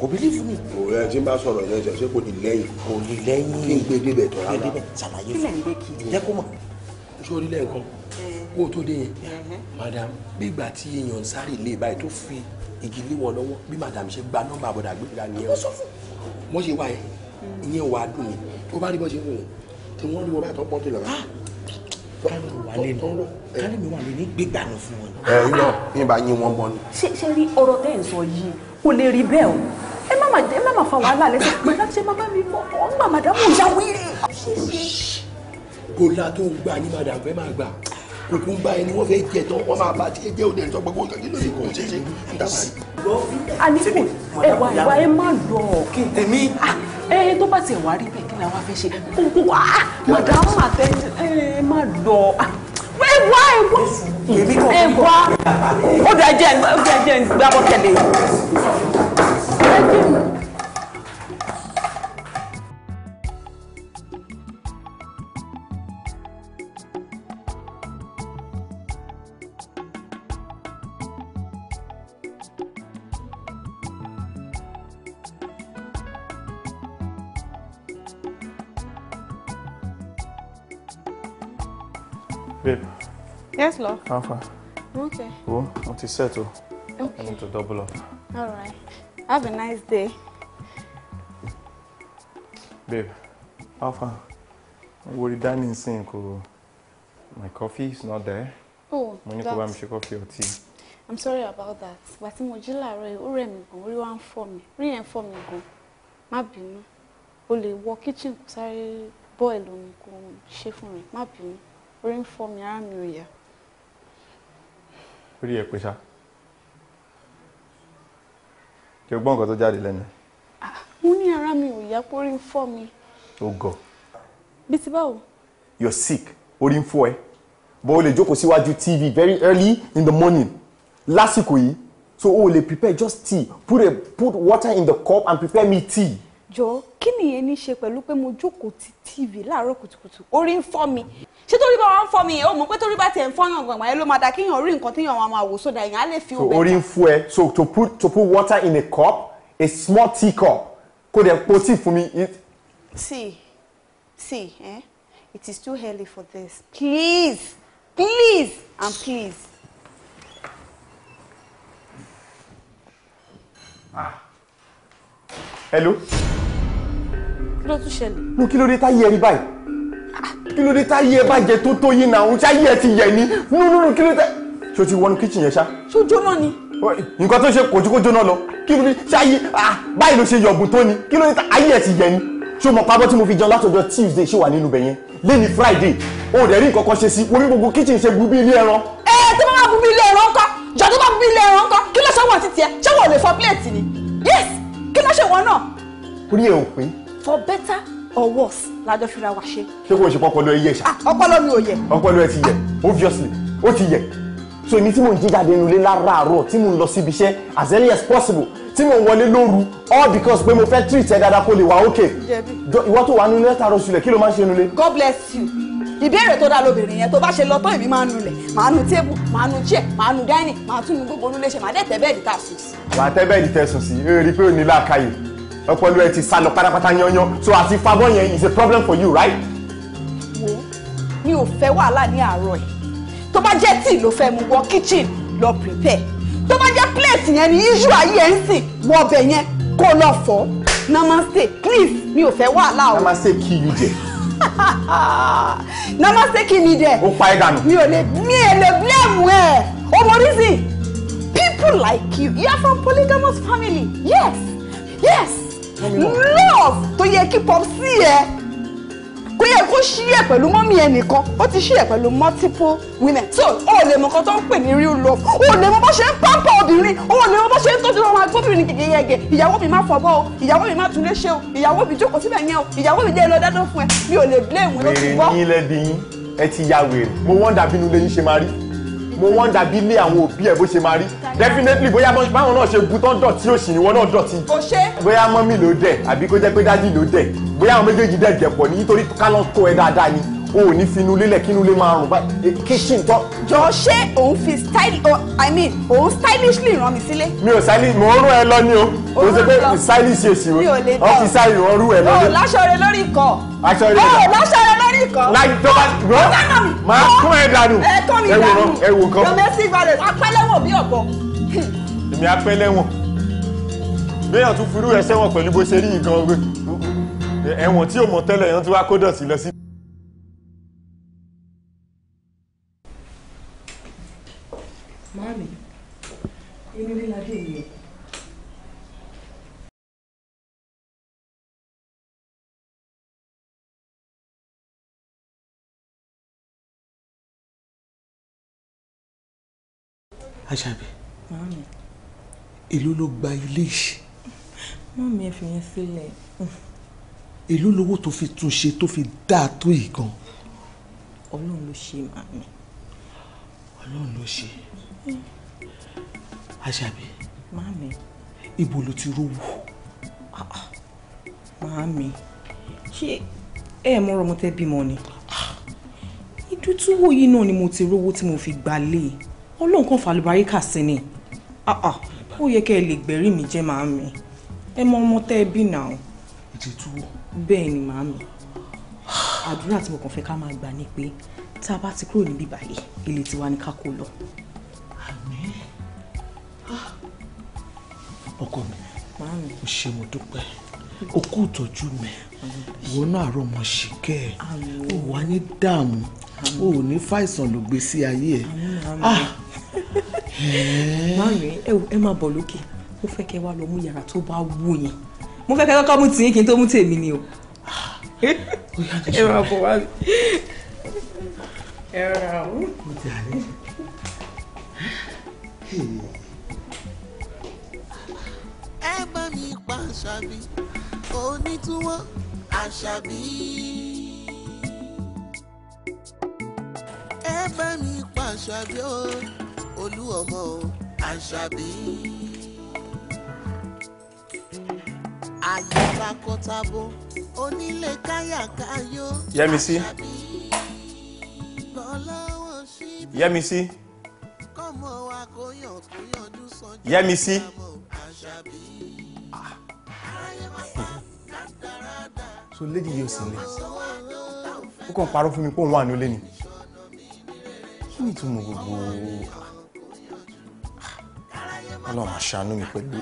kò bí léwu ni. òun ẹ ti bá sọ̀rọ̀ yẹn ṣe kò ní lẹ́yìn. kò ní lẹ́yìn. kí n gbé débẹ̀ tọ́ ara ṣàlàyé fún un. jẹ́ kó mọ̀. sórí lẹ́ẹ̀kan eh. kó o tó dé yẹn madam gbígbà tí èèyàn sáré lè báyìí tó fi igi lé wọn lọ́wọ́ bí madam ṣe gba nọ́mbà àbọ̀dà gbéra ni ẹ̀ wọ́n ṣe wá yẹn hmm. ìyẹn wàá dùn mí tó bá rí bọ́ ṣe ń wò tí wọ́n rí wọn bá tọ́ pọ́ńtò lọ́wọ́ ah! kálí mi wà lẹ́nu kálí mi wà lẹ́nu gbégbàánu fún wọn. ẹ ẹ yọ yín bá yín wọn bọ ni. o ẹ má ẹ má má fa wàhálà lẹ́sẹ̀ pẹ̀lú àti ṣe má bá mi mọ ọgbà màdàmú ìyá wíìrì. bọ́lá tó ń gbà ní màdàmú ẹ máa gbà kòkó ń bá ẹni wọ́n fẹ́ jẹ tán wọ́n máa bá ti jẹ́ òde ìtọ́ gbogbo nǹkan nínú ìkọ̀ ṣe ṣe ń dábàá. àníkù ah, ẹ̀wà ẹ̀wà rí bẹ́ẹ̀ làwọn fẹ́ ṣe gbogbo wa madam àtẹ ẹ má lọ ẹ wá ẹ wá ẹ wá ó dá ẹ gbá bọ́tẹ̀lẹ̀ Yes, love. How far? Okay. oh, it is settled. Okay. I need to double up. All right. Have a nice day. Babe, how far? Worry, dining sink. My coffee is not there. Oh, mo ní kó coffee or tea. I'm sorry about that. Ìgbà I'm mo jí láàárọ̀ yìí, ó rẹ̀ mí gan, orí wa ń fọ́ mi, orí yẹn ń fọ́ mi gan. Má bínú. O kitchen kó sáré bọ́ọ̀lù omi kó ṣe fún mi. Má bínú. Orí ń fọ́ orí ẹ̀ pé ṣá kí o gbọ́ nǹkan tó jáde lẹ́nu. mo ní ara mi ò yá pórí ń fọ́ mi. o gọ̀. bí ti báwo. you're sick orí ń fọ́ ẹ bó o lè jókòó síwájú tv very early in the morning lásìkò yìí so o lè prepare just tea put a put water in the cup and prepare me tea jọ kí nìyẹn ní ṣe pẹ̀lú pé mo jókòó ti tv láàárọ̀ kùtùkùtù orí ń fọ́ mi ṣé torí bá wọn ń fọ́ mi yẹn ó mọ̀ pé torí bá tiẹ̀ ń fọ́ yàn gbọ̀ngbọ̀n yẹn ló máa da kéèyàn rí nǹkan téèyàn máa wò sódà yẹn á lè fi òbẹ̀. orí ń fún ẹ so to put to put water in a cup a small tea cup kó dẹ̀ po tea fún mi. see see eh? it is too early for this please please and please. ah hello. kí ló tún ṣẹlẹ̀. mo kí ló dé táyé ẹ rí báyìí kí ló dé táyé ẹ bàjẹ́ tó tó yín náà táyé ẹ ti yẹ ni nínú kí ló dé. ṣé o ti wọnú kíchìn yẹn ṣá. ṣé o jóná ni. nǹkan tó ṣe kò ju kó jóná lọ kí ló dé ṣáyé báyìí ló ṣe yọ̀gùn tó ni kí ló dé táyé ẹ ti yẹ ni ṣó mọ pábọ́ tí mo fi jẹun látọjọ́ tuesday ṣé wà nínú bẹ̀ yẹn lẹ́ni friday o dẹ̀ rí nǹkan kan ṣe sí orí gbogbo kitchen ṣe bu bí ilé ẹran. ẹ ẹ tí wọn bá bu bí ilé ẹran kọ jọdún bá bu bí ilé ẹran kọ kí ló ṣọwọ́ àti tiẹ̀ ṣọwọ́ lè fọ pílẹ̀tì ni yes kí ló ṣe wọn náà. orí ẹ ò pé. for better or worse lájọ fira wa ṣe. ṣé kò ń ṣe pọpọlọ ẹ yẹ ṣá. Ah, ọpọlọ mi ò yẹ. ọpọlọ ẹ ti yẹ obviously ó ti yẹ so èmi tí mò ń jíjáde nulẹ̀ láràárọ̀ tí mò ń lọ síbi iṣẹ́ as early as possible tí mò wọlé lóru all because pé mo fẹ́ treat ẹ dáadáa kó lè wà ókè ìwọ tó wà nínú ẹ tààrọ sílẹ̀ kí ló máa ń ṣe nulẹ̀. God bless you ìbéèrè tó dáa lóbìnrin yẹn tó bá ṣe lọ tán èmi máa ń nulẹ̀ máa nu tébù máa nu chair máa nu dining máa tún nu gbogbo onúlé ṣe máa dẹ̀ tẹ́ bẹ́ẹ̀dì tá a sùn sí. wà tẹ́ bẹ́ẹ̀dì tẹ́ sùn sí ẹ rí i pé ò ní láàkàyè ọpọlọ ẹ ti sá lọ pátápátá yanyan so àti fabọ yẹn is a problem for you right. wo mi ò fẹ́ wàhálà ní àárọ̀ ẹ̀ tó bá jẹ́ tíì ló fẹ́ mu wọ kitchen lọ prepare tó bá jẹ́ plate yẹn ni issue ayé ẹ̀ ń sìn wọ ọbẹ̀ yẹn kó lọ fọ́ namaste please mi ò fẹ́ wàhálà o. namaste kí you jẹ. namaste kí mi jẹ. ó pa ẹ̀ dànù. mi ò lè mi ò lè blame ẹ̀ ọmọ reason people like you you are from polygamous family yes yes love tó yẹ kí pop sí ẹ yẹ kó ṣí ẹ̀ pẹ̀lú mọ́mí ẹ̀ nìkan ó ti ṣí ẹ̀ pẹ̀lú multiple women so o ò lè mọ nǹkan tó ń pè ní real love o ò lè mọ bó ṣe ń pampa obìnrin o ò lè mọ bó ṣe ń tọ́jú ọmọ agbóbìnrin gègé yẹgẹ ìyàwó mi má fọbọ́ o ìyàwó mi má tún lé ṣe o ìyàwó mi jókòó síbẹ̀ yẹn o ìyàwó mi lé lọ dáná fún ẹ mi ò lè blame wọn ló ti gbọ́. wèrè ní ilẹ̀ bí yín ẹ ti ya wèrè mo wọ́n dàbínú lẹ́yìn ṣe máa rí mo wọ́n dàbí ilé àwọn òbí ẹ̀ bó ṣe máa rí definitely bóyá báwọn náà ṣe gun tán dọ̀tí òṣì ni wọ́n náà dọ̀tí. kò ṣe. bóyá mọ́mí ló dẹ̀ àbí kó jẹ́ pé dájú ló dẹ̀ bóyá àwọn méjèèjì dẹ̀ jẹ̀pọ̀ ní nítorí kálọ̀ kó ẹ dáadáa ni o ò ní finú lélẹ̀ kínú lè máa rùn báyìí e, kitchen tọ́. jọ ṣé òun fi style i mean òun stylishly rán mi sílé. mi ò stylish mò ń rún ẹ lọ ni o o ṣe pé stylish ṣe sí o ọ́fíìsà ìwọ̀n rú ẹ lọ ni. o láṣọre lórí ikọ̀. aṣọre lórí ikọ̀. o láṣọre lórí ikọ̀. láì tó bá gbọ́ máa kún ẹ dànù ẹ wò kan. domestic violence apẹ́lẹ́wọ̀n bí ọ̀bọ. èmi apẹ́lẹ́wọ̀n béèyàn tún firú ẹ sẹ́wọ̀n pẹ̀lú bó ṣe rí ìgan ẹ̀wọ̀n tí ò mọ̀ tẹ́lẹ̀ yẹn ti wá kó dọ̀tí lọ sí. rí ládé yìí Àṣàbí èló ló gba ilé yìí. mọ́mí ẹ fi yẹn sílẹ̀. èló lówó tó fi tún ṣe tó fi dáa tó yìí gan. ọlọ́run ló ṣe màmí. ọlọ́run ló ṣe. Mm -hmm àṣàbí. Màámi. Ibo ló ti rówó? Ah, ah. Màámi, ṣé ẹ mọ̀rọ̀ mo tẹ́ bímọ ni? Ah, ìdútúwò yìí náà ni mo ti rówó tí mo fi gbalé. E. Ọlọ́run kan fàlùbáríkà sí ni. Ó yẹ kẹ́ ẹ lè gbẹ̀rí mi jẹ́ màámi. Ẹ mọ ọmọ tẹ́ bí náà. Ìdútúwò. Bẹ́ẹ̀ ni màámi. Àdúrà tí mo kàn fẹ́ ká máa gbà ni pé tá a bá ti kúrò níbí báyìí, ilé tiwa ni ká kó lọ. Àmín ọkọ mi mo ṣe mo dúpẹ́ o kú ìtọ́jú mi ìwọ náà àárọ̀ mọ̀ sí kẹ́ ẹ̀ o wà ní dààmú o ò ní fàìsàn ló gbé sí ayé ẹ̀ ah. ẹ máa bọ̀ lókè mo fẹ́ kẹ́ wá lọ mú yàrá tó bá wù yín mo fẹ́ kẹ́ kọ́kọ́ mú tìyín kí n tó mú tèmi ni o ah! ẹ máa bọ̀ wá ẹ rà ó. àṣàbí onítúwọ́ àṣàbí. ẹ bá mi pa àṣàbí o olú ọmọ o àṣàbí. àyè takọtabo onílé káyàkáyò. Yẹ́misí. Yẹ́misí. Yẹ́misí. Ah so lady yìí ò sí ilé ó kàn parọ́ fún mi pé òun wà ní ilé ni kí ni ìtumọ̀ gbogbo ọlọ́run àṣàánú mi pẹ̀lú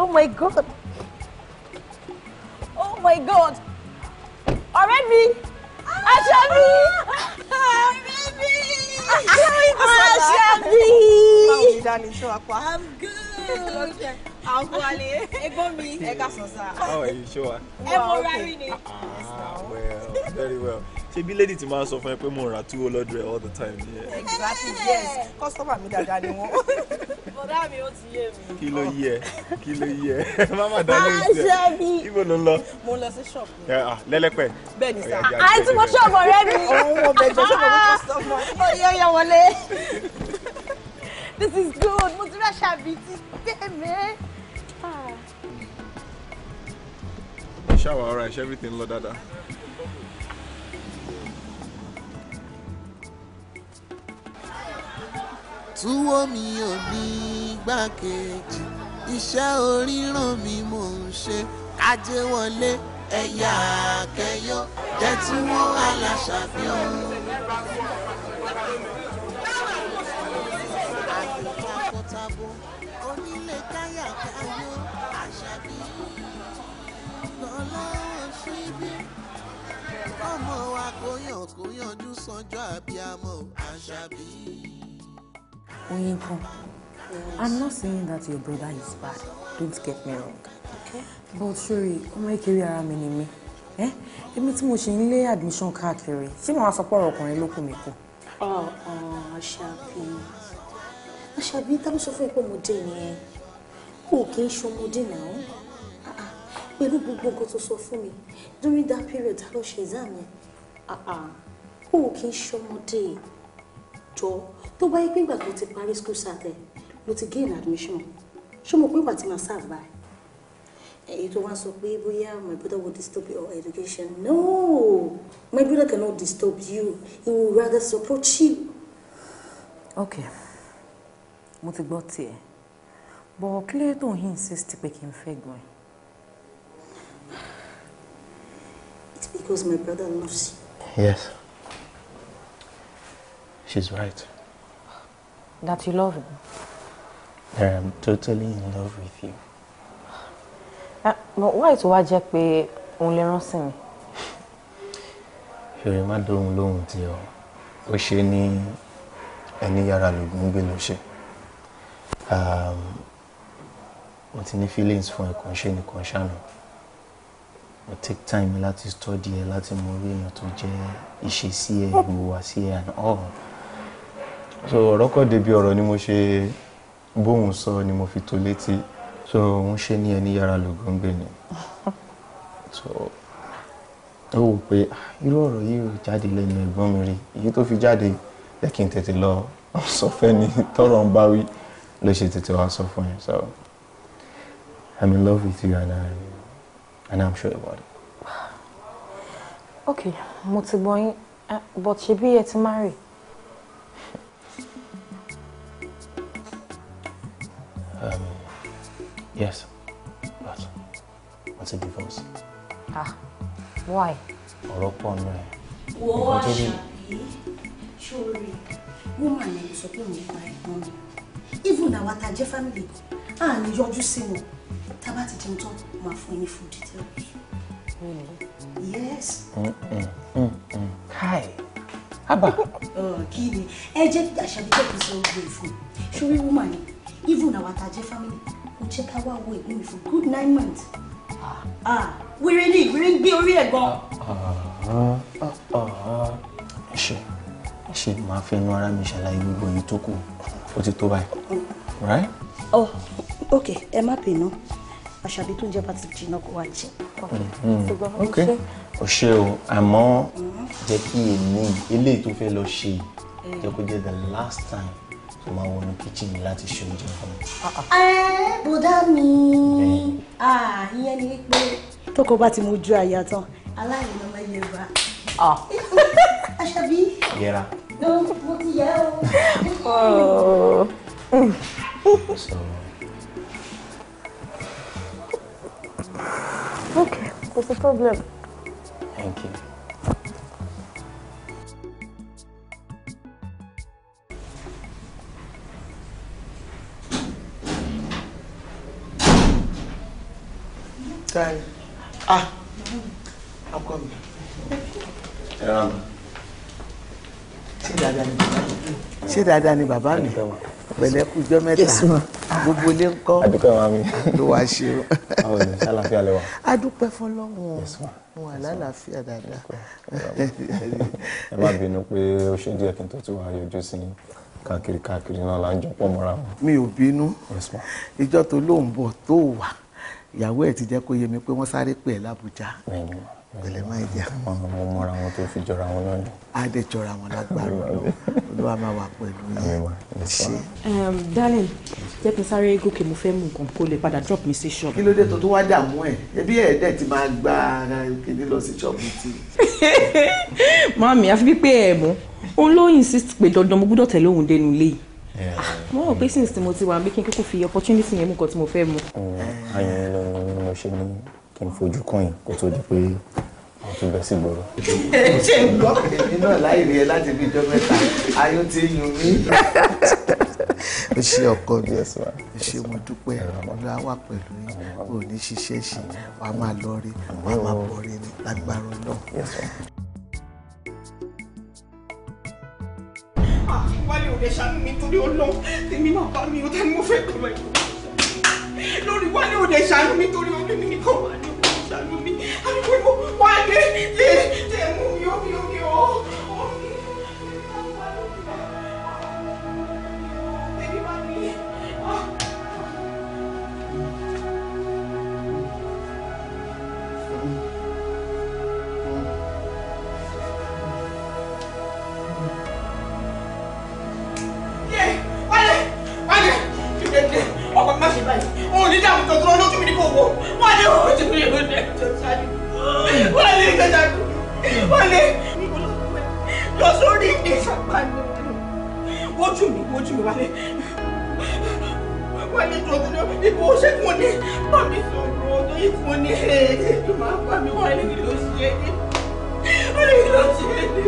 Oh my God. Oh my God. Ọ̀rẹ́ mi. Aṣọ mi. Ọ̀rẹ́ mi. Aṣọ mi. Báwo ni Dani ṣe wà I'm good. Àwọn àlè ẹ̀gbọ́n mi ẹ̀ka sọ̀sà. How are you sure? Ẹ mọ rari ni. Ah well, very well ṣe bí lady ti máa ń sọ fún ẹ pé mo ń ra tuwo lọ́dọ̀ ẹ all the time ni exactly yes customer mi dáadáa ni wọn. bọ̀dá mi ó ti yé mi. kí ló yẹ kí ló yẹ mama dání oṣù ẹ ibo ló ń lọ. mo ń lọ sí ṣọ́ọ̀bù. lẹ́lẹ́pẹ̀. bẹ́ẹ̀ni sá àì tí mo ṣọ́ọ̀bù ọ̀rẹ́ mi. òun mo bẹ̀jọ ṣọ́ọ̀bù mi ah. customer. oyè oyè wọlé this is good mo ti rẹ́ ṣàbí ti tẹ̀mẹ́. ṣáwa ọ̀rọ̀ ẹ̀ṣẹ́ everything lọ dáadáa. túwó mi ò ní igbákejì iṣẹ́ oríran mi mò ń ṣe kájé wọlé ẹ̀yà kẹyọ jẹ́ túwó aláṣàfihàn. onílé káyà káyọ àṣàbí lọ́lá ṣíbí ọmọ wa kò yàn kò yanjú sanjọ́ àbíamọ̀ àṣàbí. Oyin Yes. I'm not saying that your brother is bad. Don't get me wrong. Okay. But sorry, ọmọ ìkéré ara mi ni mi. Eh? Èmi tí mo ṣe ń lé admission káàkiri, ṣé màá sọ pọ̀rọ̀ ọkùnrin ló kù mí kù? Àṣàbí Àṣàbí tá ló sọ fún ipò ọmọdé yẹn. Kò kí ń ṣọmọdé náà. Ah, ah. Pẹ̀lú gbogbo nǹkan tó sọ fún mi, during that period tá lọ ṣe exam yẹn. Kò ah, kí ń ṣọmọdé jọ tó bá yẹ pé ìgbà tó ti parí school saturday mo ti gain admission ṣé mo pé ìgbà tí màá serve báyìí èyí tó wá sọ pé bóyá my brother will disturb your education no my brother cannot disturb you he will rather support you. okay mo ti gbọ́ tiẹ̀ bọ̀ kílẹ̀ tó ń insist pé kí n fẹ́ gan-an. it's because my brother loves you. yes she's right. That you love him? That I'm totally in love with you. Uh, but why tó wá jẹ́ pé òun lè rán sí mi? Ṣòro má dóhun yara tí ọ, ó Um, ní ẹni yàrá lògùn gbé ló ṣe. Um, mo ti ní feelings fún ẹ̀kan ṣe nìkan ṣàná. Mo take time láti study ẹ láti mọ orí èèyàn tó jẹ́ ìṣesí ẹ, ìhùwàsí ẹ and all so ọ̀rọ̀ kọ́ débi ọ̀rọ̀ ni mo ṣe bóun sọ ni mo fi tó létí so òun ṣe ní ẹni yàrá lògùn gbé ni so ó wò pé ah, irú ọ̀rọ̀ yìí ò jáde lẹ́nu ẹ̀gbọ́n mi rí èyí tó fi jáde jẹ́ kí n tètè lọ sọ fẹ́ni tọ́rọ̀ ń bá wí ló ṣe tètè wá sọ fún yẹn so I'm in love with you and I and I'm sure about it. okay mo ti gbọ́ yín eh, but ṣebí ẹ ti marry. Um, yes, but what's a divorce? Ah, why? Ọ̀rọ̀ pọ̀ nù ẹ̀. Wọ́n wá ṣàbí ṣórí woman ẹ̀ sọ pé òun pa ẹ̀gbọ́n mi. Even our ta family gan, a lè yọjú sí wọn. Tá a bá ti jẹun tán, máa fún yín fún details. Yes. Hi. Mm, mm, mm, Abba. Kí ni? Ẹ jẹ́ àṣàbí jẹ́ kí n sọ ogun ìfún. Ṣórí woman ni even our àtàjẹ́ family kò jẹ́ ká wá wo ìlú for good nine months. Ah. Ah, wèrè ni really ń gbé orí ẹ̀ gan. ṣe ṣe máa fẹ́ inú ara mi ṣàlàyé gbogbo èyí tó kù ó ti tó báyìí right. oh ok ẹ má bínú àṣàbí tó ń jẹ bá ti jìnnà kó wá jẹ. Mm-hmm. ok o ṣe o àmọ́ mm-hmm. jẹ́ kí èmi eléyìí tó fẹ́ lọ ṣe eh. jẹ́ kó jẹ́ the last time mo máa wọnú kíchìn mi láti ṣe oúnjẹ fún mi. ẹ ah, ah. eh, bùdá mi ah, ìyẹn ni pé tókò bá ti mojú àyà tán aláìní ló máa yẹ bá. aṣàbí. yẹra. mo ti yẹ o. Oh. okay there's a problem. thank you. sáré ah ọkọ mi. Um, ṣé dáadáa ni bàbá mi ṣé dáadáa ni bàbá mi pẹ̀lẹ́ kú jọ́ mẹ́ta gbogbo ilé ń kọ́ ló wá ṣe o. a dúpẹ́ fọlọ́run wọn àlàáfíà dáadáa. ẹ má bínú pé ó ṣe díẹ̀ kí n tó tún wá yọjú sí i káàkiri káàkiri náà là ń jọ pọ̀ mọ́ra wọn. mi ò bínú ìjọ tó lóun bọ̀ tó wà ìyàwó ẹ̀ ti jẹ́ kó yé mi pé wọ́n sáré pè é lábújá pẹ̀lẹ́ máa jẹ́. mo mọra wọn tó fi jọra wọn lọ́dún. a dẹ̀ jọra wọn lágbára olúwa máa wà pẹ̀lú yìí. darling jẹ́ kí n sáré gòkè mo fẹ́ mú nǹkan kó lè padà drop mi sí ṣọ́ọ̀bù. kí ló dé tó tó wá dààmú ẹ̀ ẹbí ẹ̀ dẹ̀ ti máa gba ara kìíní lọ sí ṣọ́ọ̀bù tí. mami àfi pípé ẹ̀ mọ́ òun ló insist pé dandan mo gbọ́dọ̀ tẹ̀lé òun dénú ilé yìí ah, mo rò pé since tí mo ti wà mí kí n kúkú fi opportunity yẹn mú nǹkan tí mo fẹ́ mu. ayọ̀ ẹ̀ lọ ló ṣe ní kí n fojú kọ́yìn kó tó di pé wọ́n tún bẹ́ sí gbòòrò. ṣé n gbọ́ èmi náà láì rí ẹ láti bí ijọ́ mẹ́ta ayọ̀ ti yùn mí. ẹ ṣe ọkọ mi ẹ ṣe mo dúpẹ́ ọlọ́wà wà pẹ̀lú yín ò ní ṣiṣẹ́ ṣe wàá máa lọ rí wàá máa bọ̀ rí ní lágbára Ọlọ́run. wálé ò lè mi torí Ọlọ́run tèmi náà bá mi ò tẹ́ni mo fẹ́ kọ́ ẹ̀ lórí wálé òde ṣàánú mi torí orí mi nìkan wà ní òde ṣàánú mi àbíkó wálé tẹ tẹ mú mi ó mi ó mi ó. Wálé ò ti rí ìlú rẹ̀ tó ṣáájú. Wálé ìgbẹ́jà kú. Wálé lọ sórí ìṣàpàdé. Wojú mi, wojú mi wálé. Wálé tó dúró ìbò ṣé kò ní bàmí sọ̀rọ̀ ọ̀dọ́ ìfún ní èdè tó máa ń bàmí wálé kí ló ṣe é dé. Wálé kí ló ṣe é dé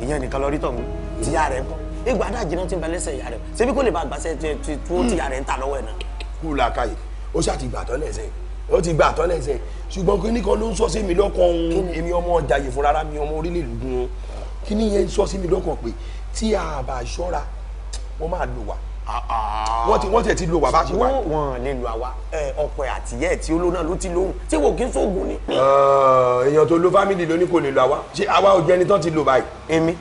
ìyẹn nìkan lọ rí tọ̀ mú tíyà rẹ̀ kọ́ ìgbà adájí náà ti ń ba lẹ́sẹ̀ ìyá rẹ̀ ṣebí kò lè ba àgbàṣe tí wọ́n tíyà rẹ̀ ń ta lọ́wọ́ ẹ̀ náà. kú la káyè ó ṣáà ti gbà tán lẹ́sẹ̀ ó ti gbà tán lẹ́sẹ̀ ṣùgbọ́n kí nìkan ló ń sọ sí mi lọ́kàn òun èmi ọmọ jàyè fúnra mi ọmọ orílẹ̀ ìlú gun kí ni yẹn sọ sí mi lọ́kàn pé tí a bá ṣọ́ra wọ́n máa lò wá wọ́n ti wọ́n ti ti lò wá bá ṣe wá. wọ́n lè lo àwa ọkọ ẹ̀ àtìyẹ́ ẹ̀ tí ó lóná ló ti lóhùn tí wò kí n sóògùn ni. èèyàn tó lo fámìlì lóní kò lè lo àwa ṣé àwa ò jẹ́ni tán ti lò báyìí. èmi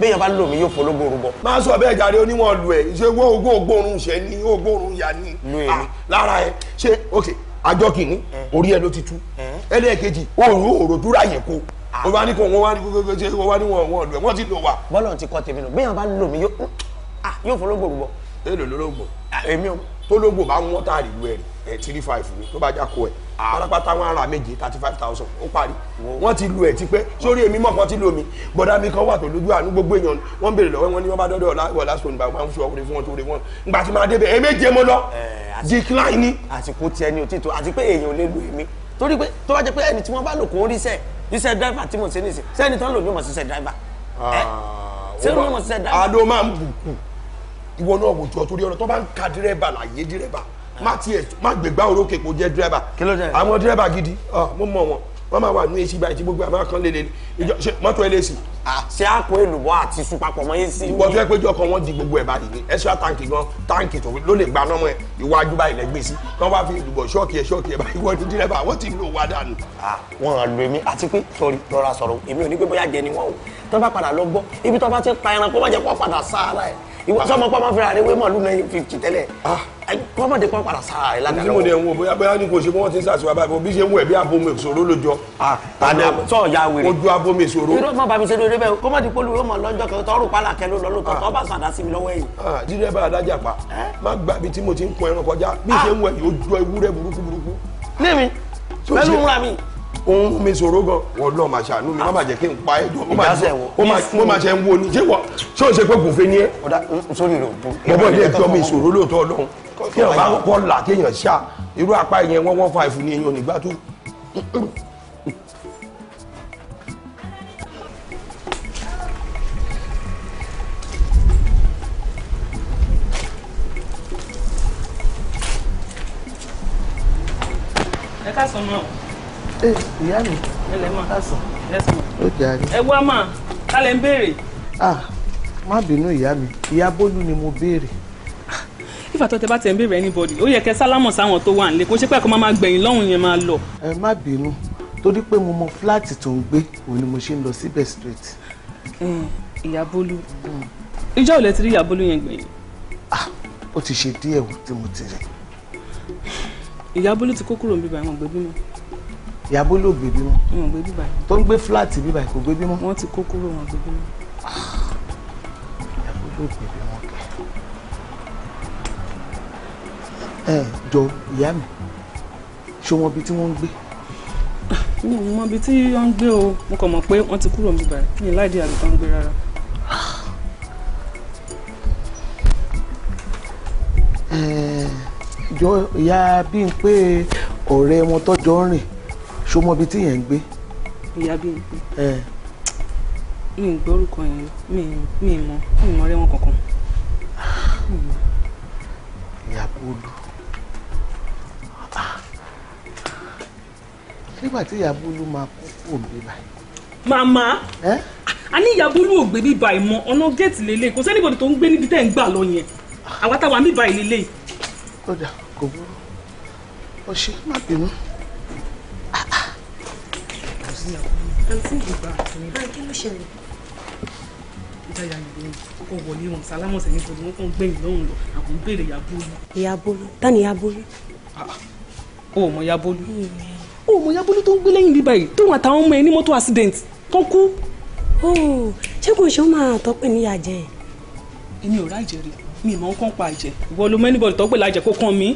béèyàn bá lò mí yóò fológun orúbọ. máa sọ bẹ́ẹ̀ jàre oníwọ̀n lu ẹ̀ ṣé wọ́n ogún ògbóòrùn ṣẹ́ ni ògbóòrùn yà ni ah, lára ẹ̀ ṣé ok àjọ orí ẹ ló ti tú ẹlẹ́ẹ̀kejì òòrùn òòrùn dúrà yẹn o wá ní kò wọ́n wá ní gbogbo ṣe wọ́n wá ní wọ́n wọ́n lù ẹ̀ wọ́n ti lò wá. bọ́lọ̀ ti kọ́ tèmi nù bẹ́ẹ̀ bá lò mí yóò ah, fún lógbò rúbọ. èlò lólógbò. èmi o tó lógbò bá wọ́n tà rí lu ẹ̀ ẹ̀ three five ni tó bá já kó ẹ̀ ah. pátápátá wọn ara méje thirty five thousand ó parí wọ́n ti lu ẹ̀ tipẹ́ sórí èmi mọ̀ kan ti lu mi gbọ́dá mi kan wà tó lójú àánú gbogbo èèyàn wọ́n béèrè lọ́wọ́ wọn ni wọ́n bá dọ́dọ̀ ọ̀la stone bá wọn fi ọkùnrin fún wọn tó wọn ngbà máa débẹ̀ ẹ̀ méje mo lọ eh, decline ni. àsìkò tiẹ̀ ni òtítọ́ àti pé èèyàn ò lè lu èmi torí pé tó bá jẹ́ pé ẹni tí wọ́n bá lò kó ń ríṣẹ́ ríṣẹ́ dráìvà tí mo ṣe ní ìsìn sẹ́ni tó ń lò ní ìmọ̀síṣẹ́ dráìvà ah, ẹ sẹ́ni ní ìmọ̀síṣẹ́ dráìvà. àdó máa ń bùkù ìwọ náà wò jọ torí ọ̀nà tó bá ń ka dírẹ́bà láyé dírẹ́bà má tiẹ̀ má gbègbà orókè kó jẹ́ dírẹ́bà àwọn dírẹ́bà gidi ah, mo mọ̀ wọn wọ́n máa wà ní èsì báyìí tí gbogbo àmọ́ kan lélẹ̀ ìjọ ṣe mọ́tò ẹ̀ lẹ́sì. ṣé àpò èlùbọ́ àti iṣu papọ̀ mọ́ yín sí. ìwọ tó yẹ pé jọkọ wọn di gbogbo ẹ̀ báyìí ni extra tanki gan tanki tó ló lè gba nọ́mọ ẹ̀ iwájú báyìí lẹ́gbẹ̀ẹ́ sí kán wá fi èlùbọ́ ṣọ́ọ̀kì ẹ̀ ṣọ́ọ̀kì ẹ̀ báyìí wọ́n ti dírẹ́bà wọ́n ti lò wá dànù. wọn à lo èmi àti pé sọrí lọ́ra sọ̀rọ̀ èmi ò ní pé bóyá jẹ ni wọ́n o tó bá padà lọ gbọ́ ibi tó bá ti pa ẹranko má jẹ́ kó padà sáárà ẹ̀ ìwọ sọmọ pọ́n máa fẹ́ra rẹ wé mọ̀lú náà fifty tẹ́lẹ̀ pọ́nmọ̀dé ah. pọ́n padà sára rẹ lágbàdo. níbo ni ẹ̀ ń wo bóyá bóyá ní kò ṣe bí wọ́n ti ń sàṣìwá báyìí bí ṣe ń wẹ̀ bí abomi ìṣòro lójọ. àná ah, sọ ya wèrè ojú abomi ìṣòro. irú ọmọ bàbá mi ṣe lóore bẹ́ẹ̀ kó má di pólú yóò mọ̀ lọ́jọ́ kẹ́ tọ́rù pálá kẹ́ ló lọ́lọ́ ah. tọ́ bá sàdá sí mi lọ́wọ́ ẹ̀yìn. dírẹ́bà adájà pa má gbà bí tí mo ti ń kun ẹran kọjá bí ṣe ń wẹ̀ yóò jọ ewúrẹ́ burúkú burúkú. ní mi pẹ̀lú ńlá mi òun mi sọ̀rọ̀ gan wọ́n lọ́ọ́ máa ṣàánú mi má bàjẹ́ kí n pa ẹ̀ jọ ó máa ṣe ń wo ni ṣé wọ́n ṣé o ṣe pé kò fẹ́ ni ẹ́. bọ́bọ́ ilé ẹjọ́ mi ìṣòro lóòótọ́ lọ́hùn kí ọ̀gá kọ́ là kéèyàn ṣá irú apá yẹn wọ́n wọ́n fa ìfun ni èèyàn nígbà tó. ẹ ká sọ náà ìyá mi ó jàre. ẹ wá mà kálẹ̀ ń béèrè. ah má bínú ìyá mi ìyá bólú ni mo béèrè. ìfàtọ́ tẹ bá tẹ̀ ń béèrè anybody ó yẹ kẹ sálámọ̀ sáwọn tó wà nílé kó ṣe pé ẹ̀kọ́ máa gbẹ̀yìn lọ́hùn yẹn máa lọ. ẹ má bínú torí pé mo mọ fúláàtì tó ń gbé òun ni mo ṣe ń lọ síbẹ̀ straight. ìyá bólú ìjọ ò lẹ ti rí ìyá bólú yẹn gbẹ̀yìn. ah ó ti ṣe díẹ̀ wò tí mo ti rẹ̀. ìyá bólú ti kó kúrò níbi bàá wọn gbẹ bímọ ìyàbó ló gbé bímọ. wọn gbé bíbá yìí. tó ń gbé fúláàtì bíbá yìí kò gbé bímọ. wọn ti kó kúrò wọn gbé bímọ. ìyàbó ló gbé bímọ kẹ. ẹ jọ ìyá mi ṣé wọn bí tí wọn ń gbé. mi ò mọ ibi tí wọn ń gbé o mo kàn mọ pé wọn ti kúrò bíbá kí ni láìdí àlùkò ń gbé rárá. jọ ìyá bíi pé ọ̀rẹ́ wọn tọ́jọ́ rìn ṣo mọ ibi tí yẹn ń gbé. ìyá bí n pé mi ń gbórúkọ yẹn mi mi mọ mi mọ rẹwọn kankan. ìyá bólú nígbà tí ìyá bólú máa kú kò gbé báyìí. màmá a ní ìyá bólú ò gbé bí báyìí mọ ọ̀nà géètì lélẹ̀ kò sẹ́nìbọ̀dì tó ń gbé níbi tẹ́ ń gbà lọ yẹn àwa táwa ń bí báyìí lélẹ̀. ó kò burú ó má bínú now. Àǹtí ìgbà àti mi. Báyìí kí ló ṣẹlẹ̀? Ìjayà ìlú ọkọ wọlé wọn sálámọ̀sẹ̀ nítorí wọ́n kàn gbẹ̀yìn lọ́hùn lọ àwọn ń béèrè Yabolu. Yabolu ta ni Yabolu? Ah, o ò mọ Yabolu. Hmm. O ò mọ Yabolu tó ń gbé lẹ́yìn bíbá yìí tóun àtàwọn ọmọ ẹ ní mọ́tò accident tó kú. Oh, ṣé kò ṣe ó máa tọ́pẹ́ níyà jẹ? Èmi ò rájẹ rí mi ìmọ̀ ń kàn pa àjẹ ìwọ ló mẹ́nìbọ̀lì tọ́pẹ́ lájẹ kó kàn mí.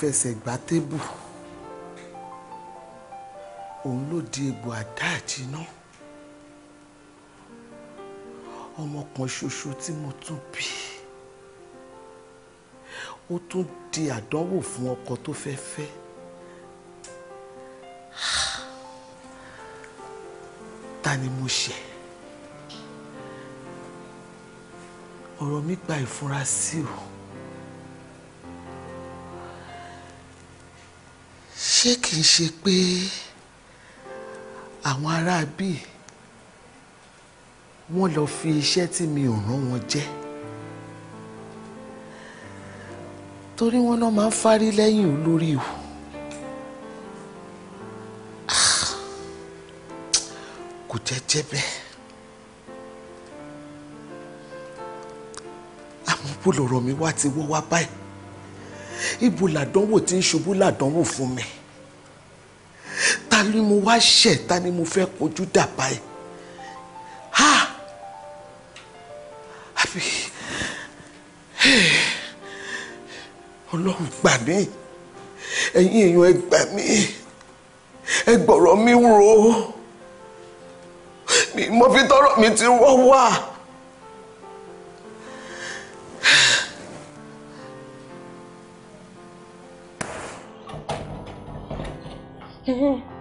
fẹsẹ̀ gbá tébù òun ló di egbò àdá àjiná ọmọ kan ṣoṣo tí mo tún bí ó tún di àdánwò fún ọkọ tó fẹ́ fẹ́ ta ni mo ṣe ọ̀rọ̀ mi gba ìfurasí o. ṣé kì í ṣe pé àwọn aráabí wọ́n lọ fi iṣẹ́ tí mi ò rán wọn jẹ́ torí wọ́n náà máa ń fárí lẹ́yìn olórí ìwò kò jẹ́ jẹ́ bẹ́ẹ̀ àmọ́ bó lọ̀rọ̀ mi wá ti wọ́ wá báyìí ibo làdánwò tí ń ṣubú làdánwò fún mi ta ni mo wá ṣẹ̀ ta ni mo fẹ́ kojú dà báyìí ha àbí eh, ọlọ́run gbà mí ẹ̀yin èèyàn ẹ gbà mí ẹ gbọ̀rọ̀ mi rò ó mi mo fi tọrọ mi ti wọ́ wà.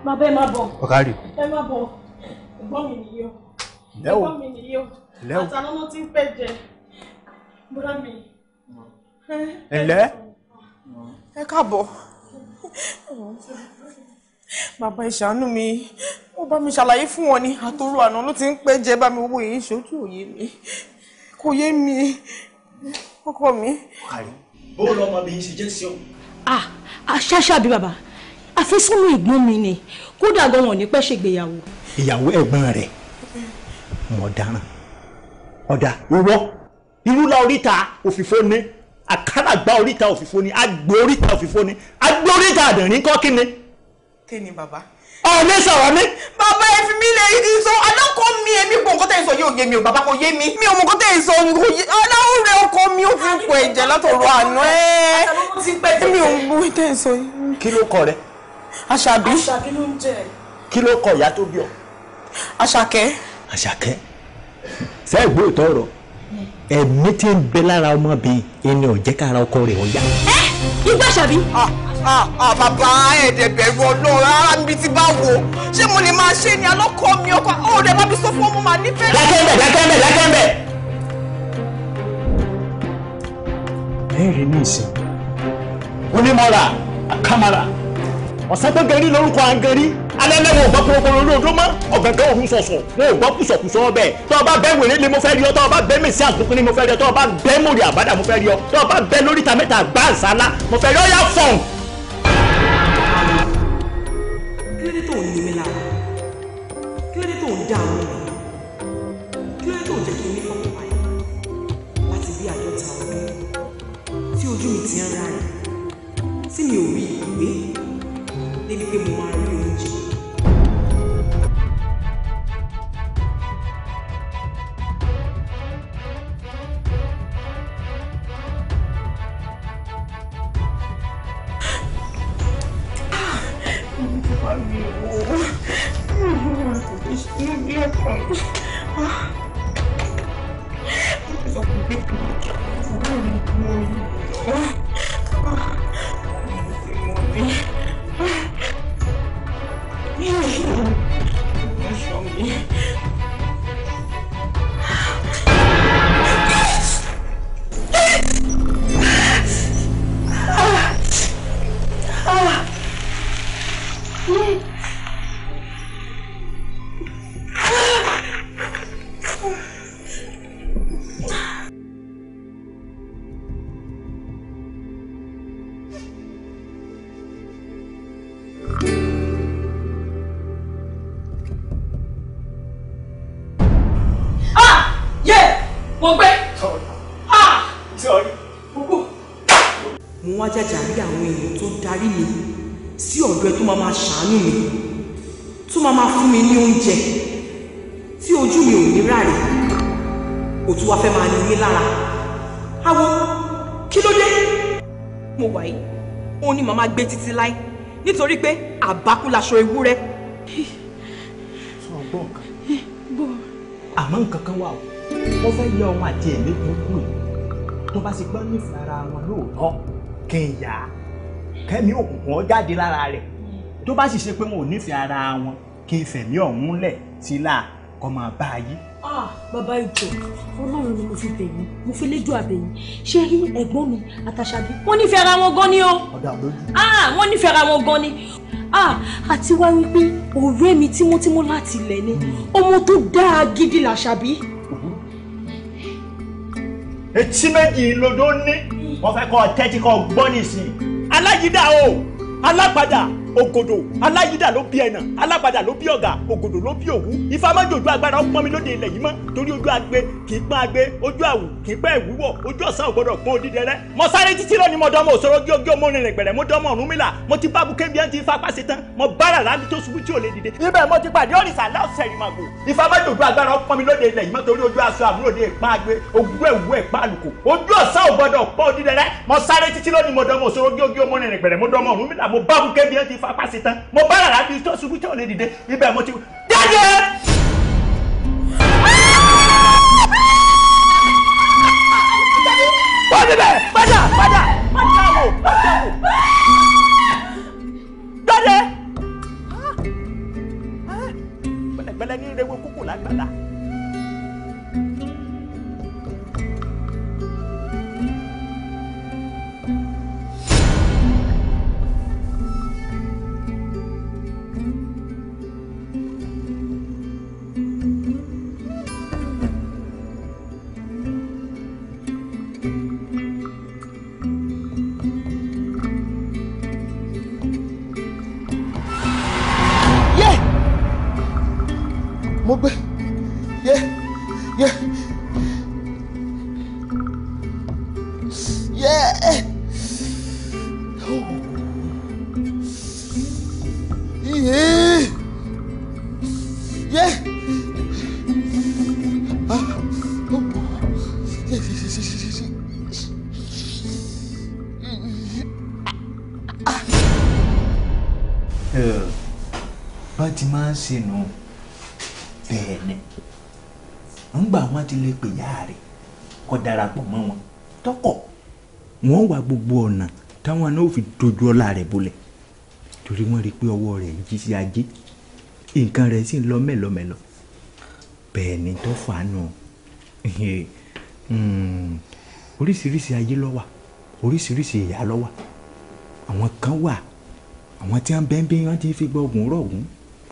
Bàbá ẹ má bọ̀. Ọ̀kárì. Ẹ má bọ̀. Ẹ̀gbọ́n mi nìyí o. Lẹ́wọ̀. Ẹ̀gbọ́n mi nìyí o. Lẹ́wọ̀. Àtàlọ́ ló ti ń pẹ́ jẹ. Bọ́dá mi. Ẹ̀lẹ́. Ẹ káàbọ̀. Bàbá ìṣàánú mi, ó bá mi ṣàlàyé fún wọn ni àtòrò àná ló ti ń pẹ́ jẹ bá mi wọ́wọ́ èyí ṣojú òye mi. Kò yé mi. Ọkọ mi. Bó lọ́mọ mi ṣe jẹ́ sí ọ? Ah, aṣáṣá bí bàbá àfẹ́sọ́nà ẹ̀gbọ́n mi ni kódà gan wọn ò ní pẹ́ ṣègbéyàwó. ìyàwó ẹ̀gbọ́n rẹ̀ mọ̀ dáràn ọ̀dà ìwọ irúlá oríta òfìfo ni àkàràgbá oríta òfìfo ni àgbò oríta òfìfo ni àgbò oríta àdìrín kọ́ kí ni. kí ni bàbá. ọ̀ọ́nẹ́ sọ̀rọ̀ mi. bàbá ẹ fi mí lè sọ alákọ̀ mi èmi kò nǹkan tẹ̀ ń sọ yóò yé mi o bàbá kò yé mi mi ò mọ̀ nǹkan tẹ̀ ń sọ ọlọ́run rẹ ọkọ mi ó fi pọ̀ ẹ̀jẹ̀ látọ̀rọ̀ àná ẹ̀ mi ò mọ̀ tẹ̀ ń sọ kí ló kọ rẹ àṣàbí àṣàbí ló ń jẹ kí ló kọ ìyá tó bí ọ. àṣàkẹ́. àṣàkẹ́ ṣe é gbóòótọ́ ọ̀rọ̀ ẹ̀mí tí ń bẹ lára ọmọbìnrin ẹni ọ̀jẹ́ kára ọkọ rẹ̀ ọ̀yá. ẹ igbó àṣàbí. bàbá ẹ̀ẹ́dẹ̀ bẹ̀rù ọlọ́run rárá níbi tí bá wò ṣé mo lè máa ṣe ni alọ́kọ mi ọkọ ọ̀rẹ́ bá mi sọ fún ọmọ màá nífẹ̀ẹ́. lákẹ́ńbẹ̀ lákẹ́ńbẹ̀ lákẹ́ńbẹ̀. bẹ́ẹ̀ rí ní ìsìn onímọ̀ra àkàmàrà ọ̀sángbẹ́gẹ́rí lórúkọ àgẹ́rí alẹ́lẹ́wọ̀n ò gbọ́ kúrokòrò lóòdó mọ́ ọ̀gàngán òun sọ̀sọ̀ wọn ò gbọ́ kùsọ̀kùsọ̀ ọbẹ̀ tọ́ ọba bẹ́ wèrè ni mo fẹ́ rí ọ tọ́ ọba bẹ́ mèsì àgbókùn ni mo fẹ́ rí ọ tọ́ ọba bẹ́ mòrì àbádà mo fẹ́ rí ọ tọ́ ọba bẹ́ lóríta mẹ́ta gbá mo fẹ́ rí ọ yá fọ̀n. kí ló tó ń ní lára yìí tó máa máa fún mi ní oúnjẹ tí ojú mi ò ní ráre òtún wá fẹ́ máa ní ní lára awo kí ló dé. mo wà yìí òun ni màmá gbé títí láé nítorí pé àbákú laṣọ ewúrẹ́. sọ gbọ́ nǹkan àmọ́ nǹkan kan wà o wọ́n fẹ́ yọ ọmọ àti ẹ̀mí kan kúrò tó bá ti gbọ́ nífẹ̀ẹ́ ara wọn lóòótọ́ kí n yà á kẹ́mi òkùnkùn ọ jáde lára rẹ̀ tó bá sì ṣe pé wọn ò nífẹ̀ẹ́ ara wọn kí n fẹ̀mí ọ̀hún lẹ̀ sílá kọ́ máa bá a yí. Ah, bàbá ìjọ ọlọ́run ni mo fi bẹ̀yìn mo fi lẹ́jọ́ àbẹ̀yìn ṣé rí ẹ̀gbọ́n mi àtàṣàbí wọ́n nífẹ̀ẹ́ ara wọn gan ni o ah, wọ́n nífẹ̀ẹ́ ara wọn gan ni ah, àti wá wípé ọ̀rẹ́ mi tímọ́tímọ́ láti ilẹ̀ ni ọmọ tó dáa gidi làṣàbí. etí méjì lodó ní wọ́n fẹ́ kọ́ tẹ́tí kọ́ gbọ́ nìsín alájídá o alápadà ògòdò aláyídà ló bí ẹnà alágbádà ló bí ọ̀gà ògòdò ló bí òwú ìfamọ́jòjú agbára ọpọ́n mi lóde ilẹ̀ yìí mọ́ torí ojú agbe kì í pọ́n agbe ojú àwù kì í pẹ́ ojú ọ̀sán ògbọ́dọ̀ pọ́n odidi mo sáré títí lọ ni mo dánmọ òṣòro gíogí ọmọ orin ìgbẹ̀rẹ̀ mo dánmọ ọ̀run mìlà mo ti bá bukẹ́ bí ẹni ti fapá ṣe tán mo bára rámi tó ṣubú tí ò lè dìde. ibẹ̀ mo ti pàdé òrìṣà láòṣẹ̀ ìmàgò ìfamọ́jòjú agbára ọpọ́n mi lóde ilẹ̀ yìí mọ́ torí ojú aṣọ àmúlòdì ìpá agbe ojú ẹ̀wú ẹ̀pá àlùkò ojú ọ̀sán ògbọ́dọ̀ mo sáré títí lọ ni mo dánmọ òṣòro gíogí ọmọ orin mo dánmọ ọ̀run mìlà fapá ṣe tán mo bá rà láti tó ṣubú tí ò lè dìde ibẹ̀ mo ti jáde. wọ́n ti bẹ̀ padà padà padà wò padà wò. jáde. pẹ̀lẹ́pẹ̀lẹ́ ní ire wo kókò lágbàdá. sí nù bẹ́ẹ̀ ni ńgbà wọn ti lè pè yáa rẹ̀ kọ́ darapọ̀ mọ́ wọn tọkọ̀ wọn wá gbogbo ọ̀nà táwọn náà fi dojú ọlá rẹ̀ bolẹ̀ torí wọ́n rí i pé ọwọ́ rẹ̀ ń jí sí ajé nǹkan rẹ̀ sì ń lọ mẹ́lọmẹ́lọ bẹ́ẹ̀ ni tó fà hmm, oríṣiríṣi ayé ló wà oríṣiríṣi ìyá ló wà àwọn kan wà àwọn tí wọ́n bẹ́ẹ̀ bẹ́ẹ̀ wọ́n ti fi gbọ́ ọ̀gùn rọ̀gùn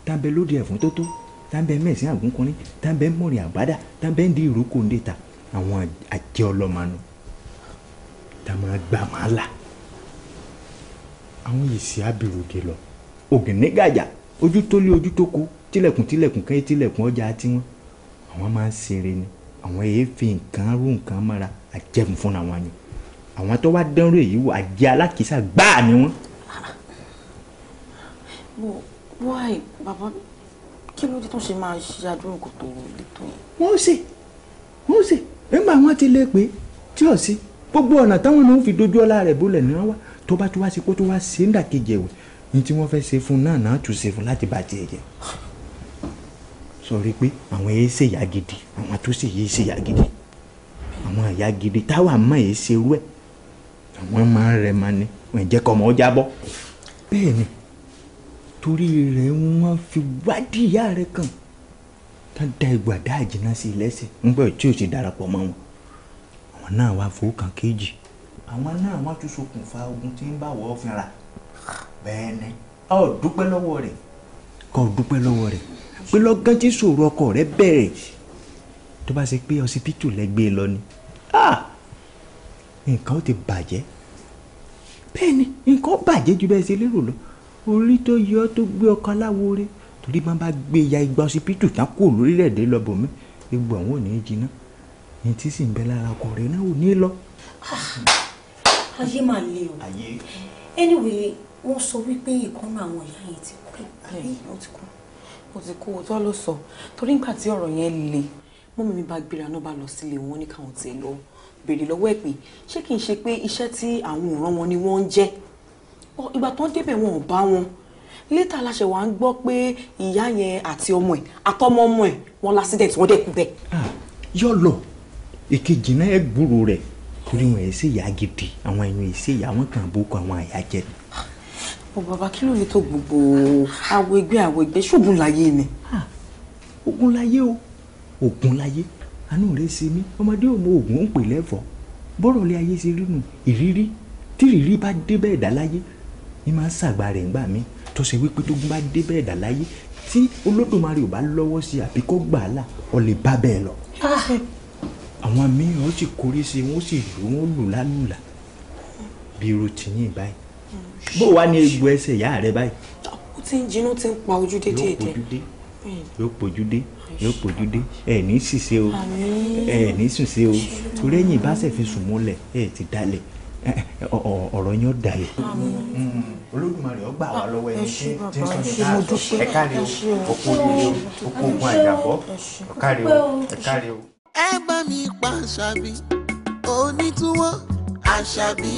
tábẹ́ lóde ẹ̀fún tó tó tábẹ́ mẹ́sìn àgúnkọrin tábẹ́ mọ̀rìn àbádà tábẹ́ ń di ìrókò ń dèta àwọn àjẹ́ ọlọ́manu tá a máa gbà máa là àwọn yìí sì ábìròde lọ ògìnígàjà ojú tó lé ojú tó kú tilẹ̀kùn tilẹ̀kùn kẹ́yìn tilẹ̀kùn ọjà tiwọn àwọn máa ń ṣeré ni àwọn èéfín nǹkan rú nǹkan mọ́ra àjẹmú fúnra wọn ni àwọn tó wá dánrò èyí wò àjẹ alákìísà gbáà ni wọn. Ah, ah why bàbá kí ló dé tó ṣe máa ṣe àdúrà kò tó létò yẹn. wọ́n sì wọ́n sì nígbà wọn ti lè pè é tí ò sí gbogbo ọ̀nà táwọn náà fi dojú ọlá rẹ̀ bólẹ̀ ní wọn wá tó bá tó wá sí kó tó wá sí ńdàkejì ẹ̀wẹ̀ ní tí wọ́n fẹ́ ṣe fún náà náà tún ṣe fún láti bàjẹ́ jẹ́ sọ rí pé àwọn èyí ṣèyà gidi àwọn tó ṣèyí ṣèyà gidi àwọn ìyá gidi táwa mọ̀ èyí ṣerú ẹ̀ àwọn máa ń rẹ̀ máa ní torí rẹ̀ wọ́n fi wádìí ìyá rẹ̀ kàn tán da ìgbàdá àjìnà sí i lẹ́sẹ̀ nígbà tí ò sì darapọ̀ mọ́ wọn àwọn náà wá fowó kan kéjì àwọn náà wọ́n tún ṣokùnfà ogun tí ń bá wọ́ fínra bẹ́ẹ̀ ni a ò dúpẹ́ lọ́wọ́ rẹ̀ kọ́ ò dúpẹ́ lọ́wọ́ pé lọ́gán tí ṣòro ọkọ rẹ̀ bẹ̀rẹ̀ tó bá ṣe pé ọsibítù lẹ́gbẹ́ e lọ ni nǹkan ó ti bàjẹ́ bẹ́ẹ̀ ni nǹkan ó bàjẹ́ ju bẹ́ẹ̀ ṣe lérò lọ orí tó yọ tó gbé ọkọ aláwòrè torí máa bá gbé ya igba ọsibítù tán kó lórílẹ̀‐èdè lọ́bọ̀ mi egbò àwọn ò ní í jiná ní tí sì ń bẹ lára ọkùnrin náà ò ní lọ. Ah, ayé máa le o anyway wọ́n sọ wípé ìkànnì àwọn ìyá yẹn ti kú ó ti kú ó ti kú òótọ́ ló sọ torí nígbà tí ọ̀rọ̀ yẹn le mọ́mí mi bá gbéra náà bá lọ sílé wọn ní káwọn tiẹ̀ lọ béèrè lọ́wọ́ ẹ̀ pé ṣé kì í ṣe pé iṣẹ́ tí àwọn òràn wọn ni wọ́n ń jẹ́ ìgbà tó ń débẹ̀ wọn ò bá wọn létà láṣẹ wa ń gbọ́ pé ìyá yẹn àti ọmọ ẹ̀ àtọmọ ọmọ ẹ̀ wọn lásìdẹ̀t wọn dẹ̀ kú bẹ́ẹ̀. yọ lọ èkejì náà ẹ gbúrò rẹ torí wọn ẹ sì yá gidi àwọn ẹyin ẹ sì yá wọn kàn bókọ àwọn àyà jẹ. ọ bàbá kí ló lè tó gbogbo àwọ ẹgbẹ àwọ ẹgbẹ ṣóògùn láyé ni. ogun láyé o ogun láyé àánú rẹ ṣe mí ọmọdé ò oògùn ń pè lẹ́fọ̀ọ́ bọ́rọ̀ lé ayé ṣe rí nù ìrírí tí ìrírí bá dé bẹ́ẹ̀ ní máa ń ṣàgbà rẹ̀ ńgbà mí tó ṣe wípé tó bá dé bẹ́ẹ̀ dà láyé tí olódùmarè ò bá lọ́wọ́ sí àbí kó gbà á là ọ lè bá bẹ́ẹ̀ lọ. Ah. àwọn míì ó kórè sí wọn ó sì lù wọn lù lálùlà bí irú tìyìn báyìí hmm. bó wàá ní egbò ẹsẹ̀ ìyá rẹ báyìí. ó ti ń jinú ti ń pa ojú dé yóò pojú dé yóò pojú dé ẹ ní ṣìṣe o ẹ ní ṣùṣe o torí ẹ̀yìn ìbáṣẹ fi sùn mọ́lẹ̀ ẹ ti dalẹ̀ ọ ọ̀rọ̀ yín ó dayọ̀ olódùmarè ó gbà wá lọ́wọ́ ẹni tí tí ń sọ ní káàtó ẹ káre o òkú oríire o òkú ogun àjàbọ́ ẹ káre o ẹ káre o. ẹ bá mi pa àṣàbí onítúwọ́ àṣàbí.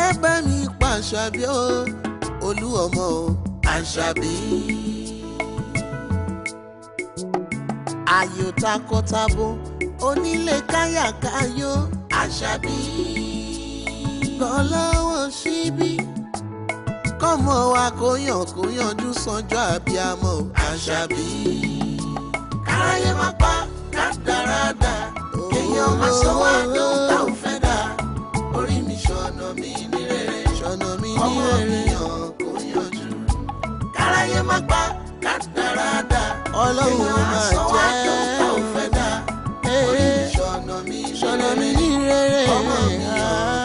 ẹ bá mi pa àṣàbí o olú ọmọ o àṣàbí. ayò takọ́tabo onílé káyàkáyò àṣàbí kọ́ lọ́wọ́ síbí kọ́mọ wa kó yàn kó yanjú sanjọ́ àbíamọ́ àṣàbí káráyé má pa rádaràdà èèyàn má sọ wá tó tá ò fẹ́ dà orí mi ṣọ̀nà mi ní rere ṣọ̀nà mi ní rere kọ́mọ mi yàn yanjú káráyé má pa rádaràdà èèyàn má sọ wá tó tá ò fẹ́ dà ọ̀nà mi ní rere. ọmọ mi yá.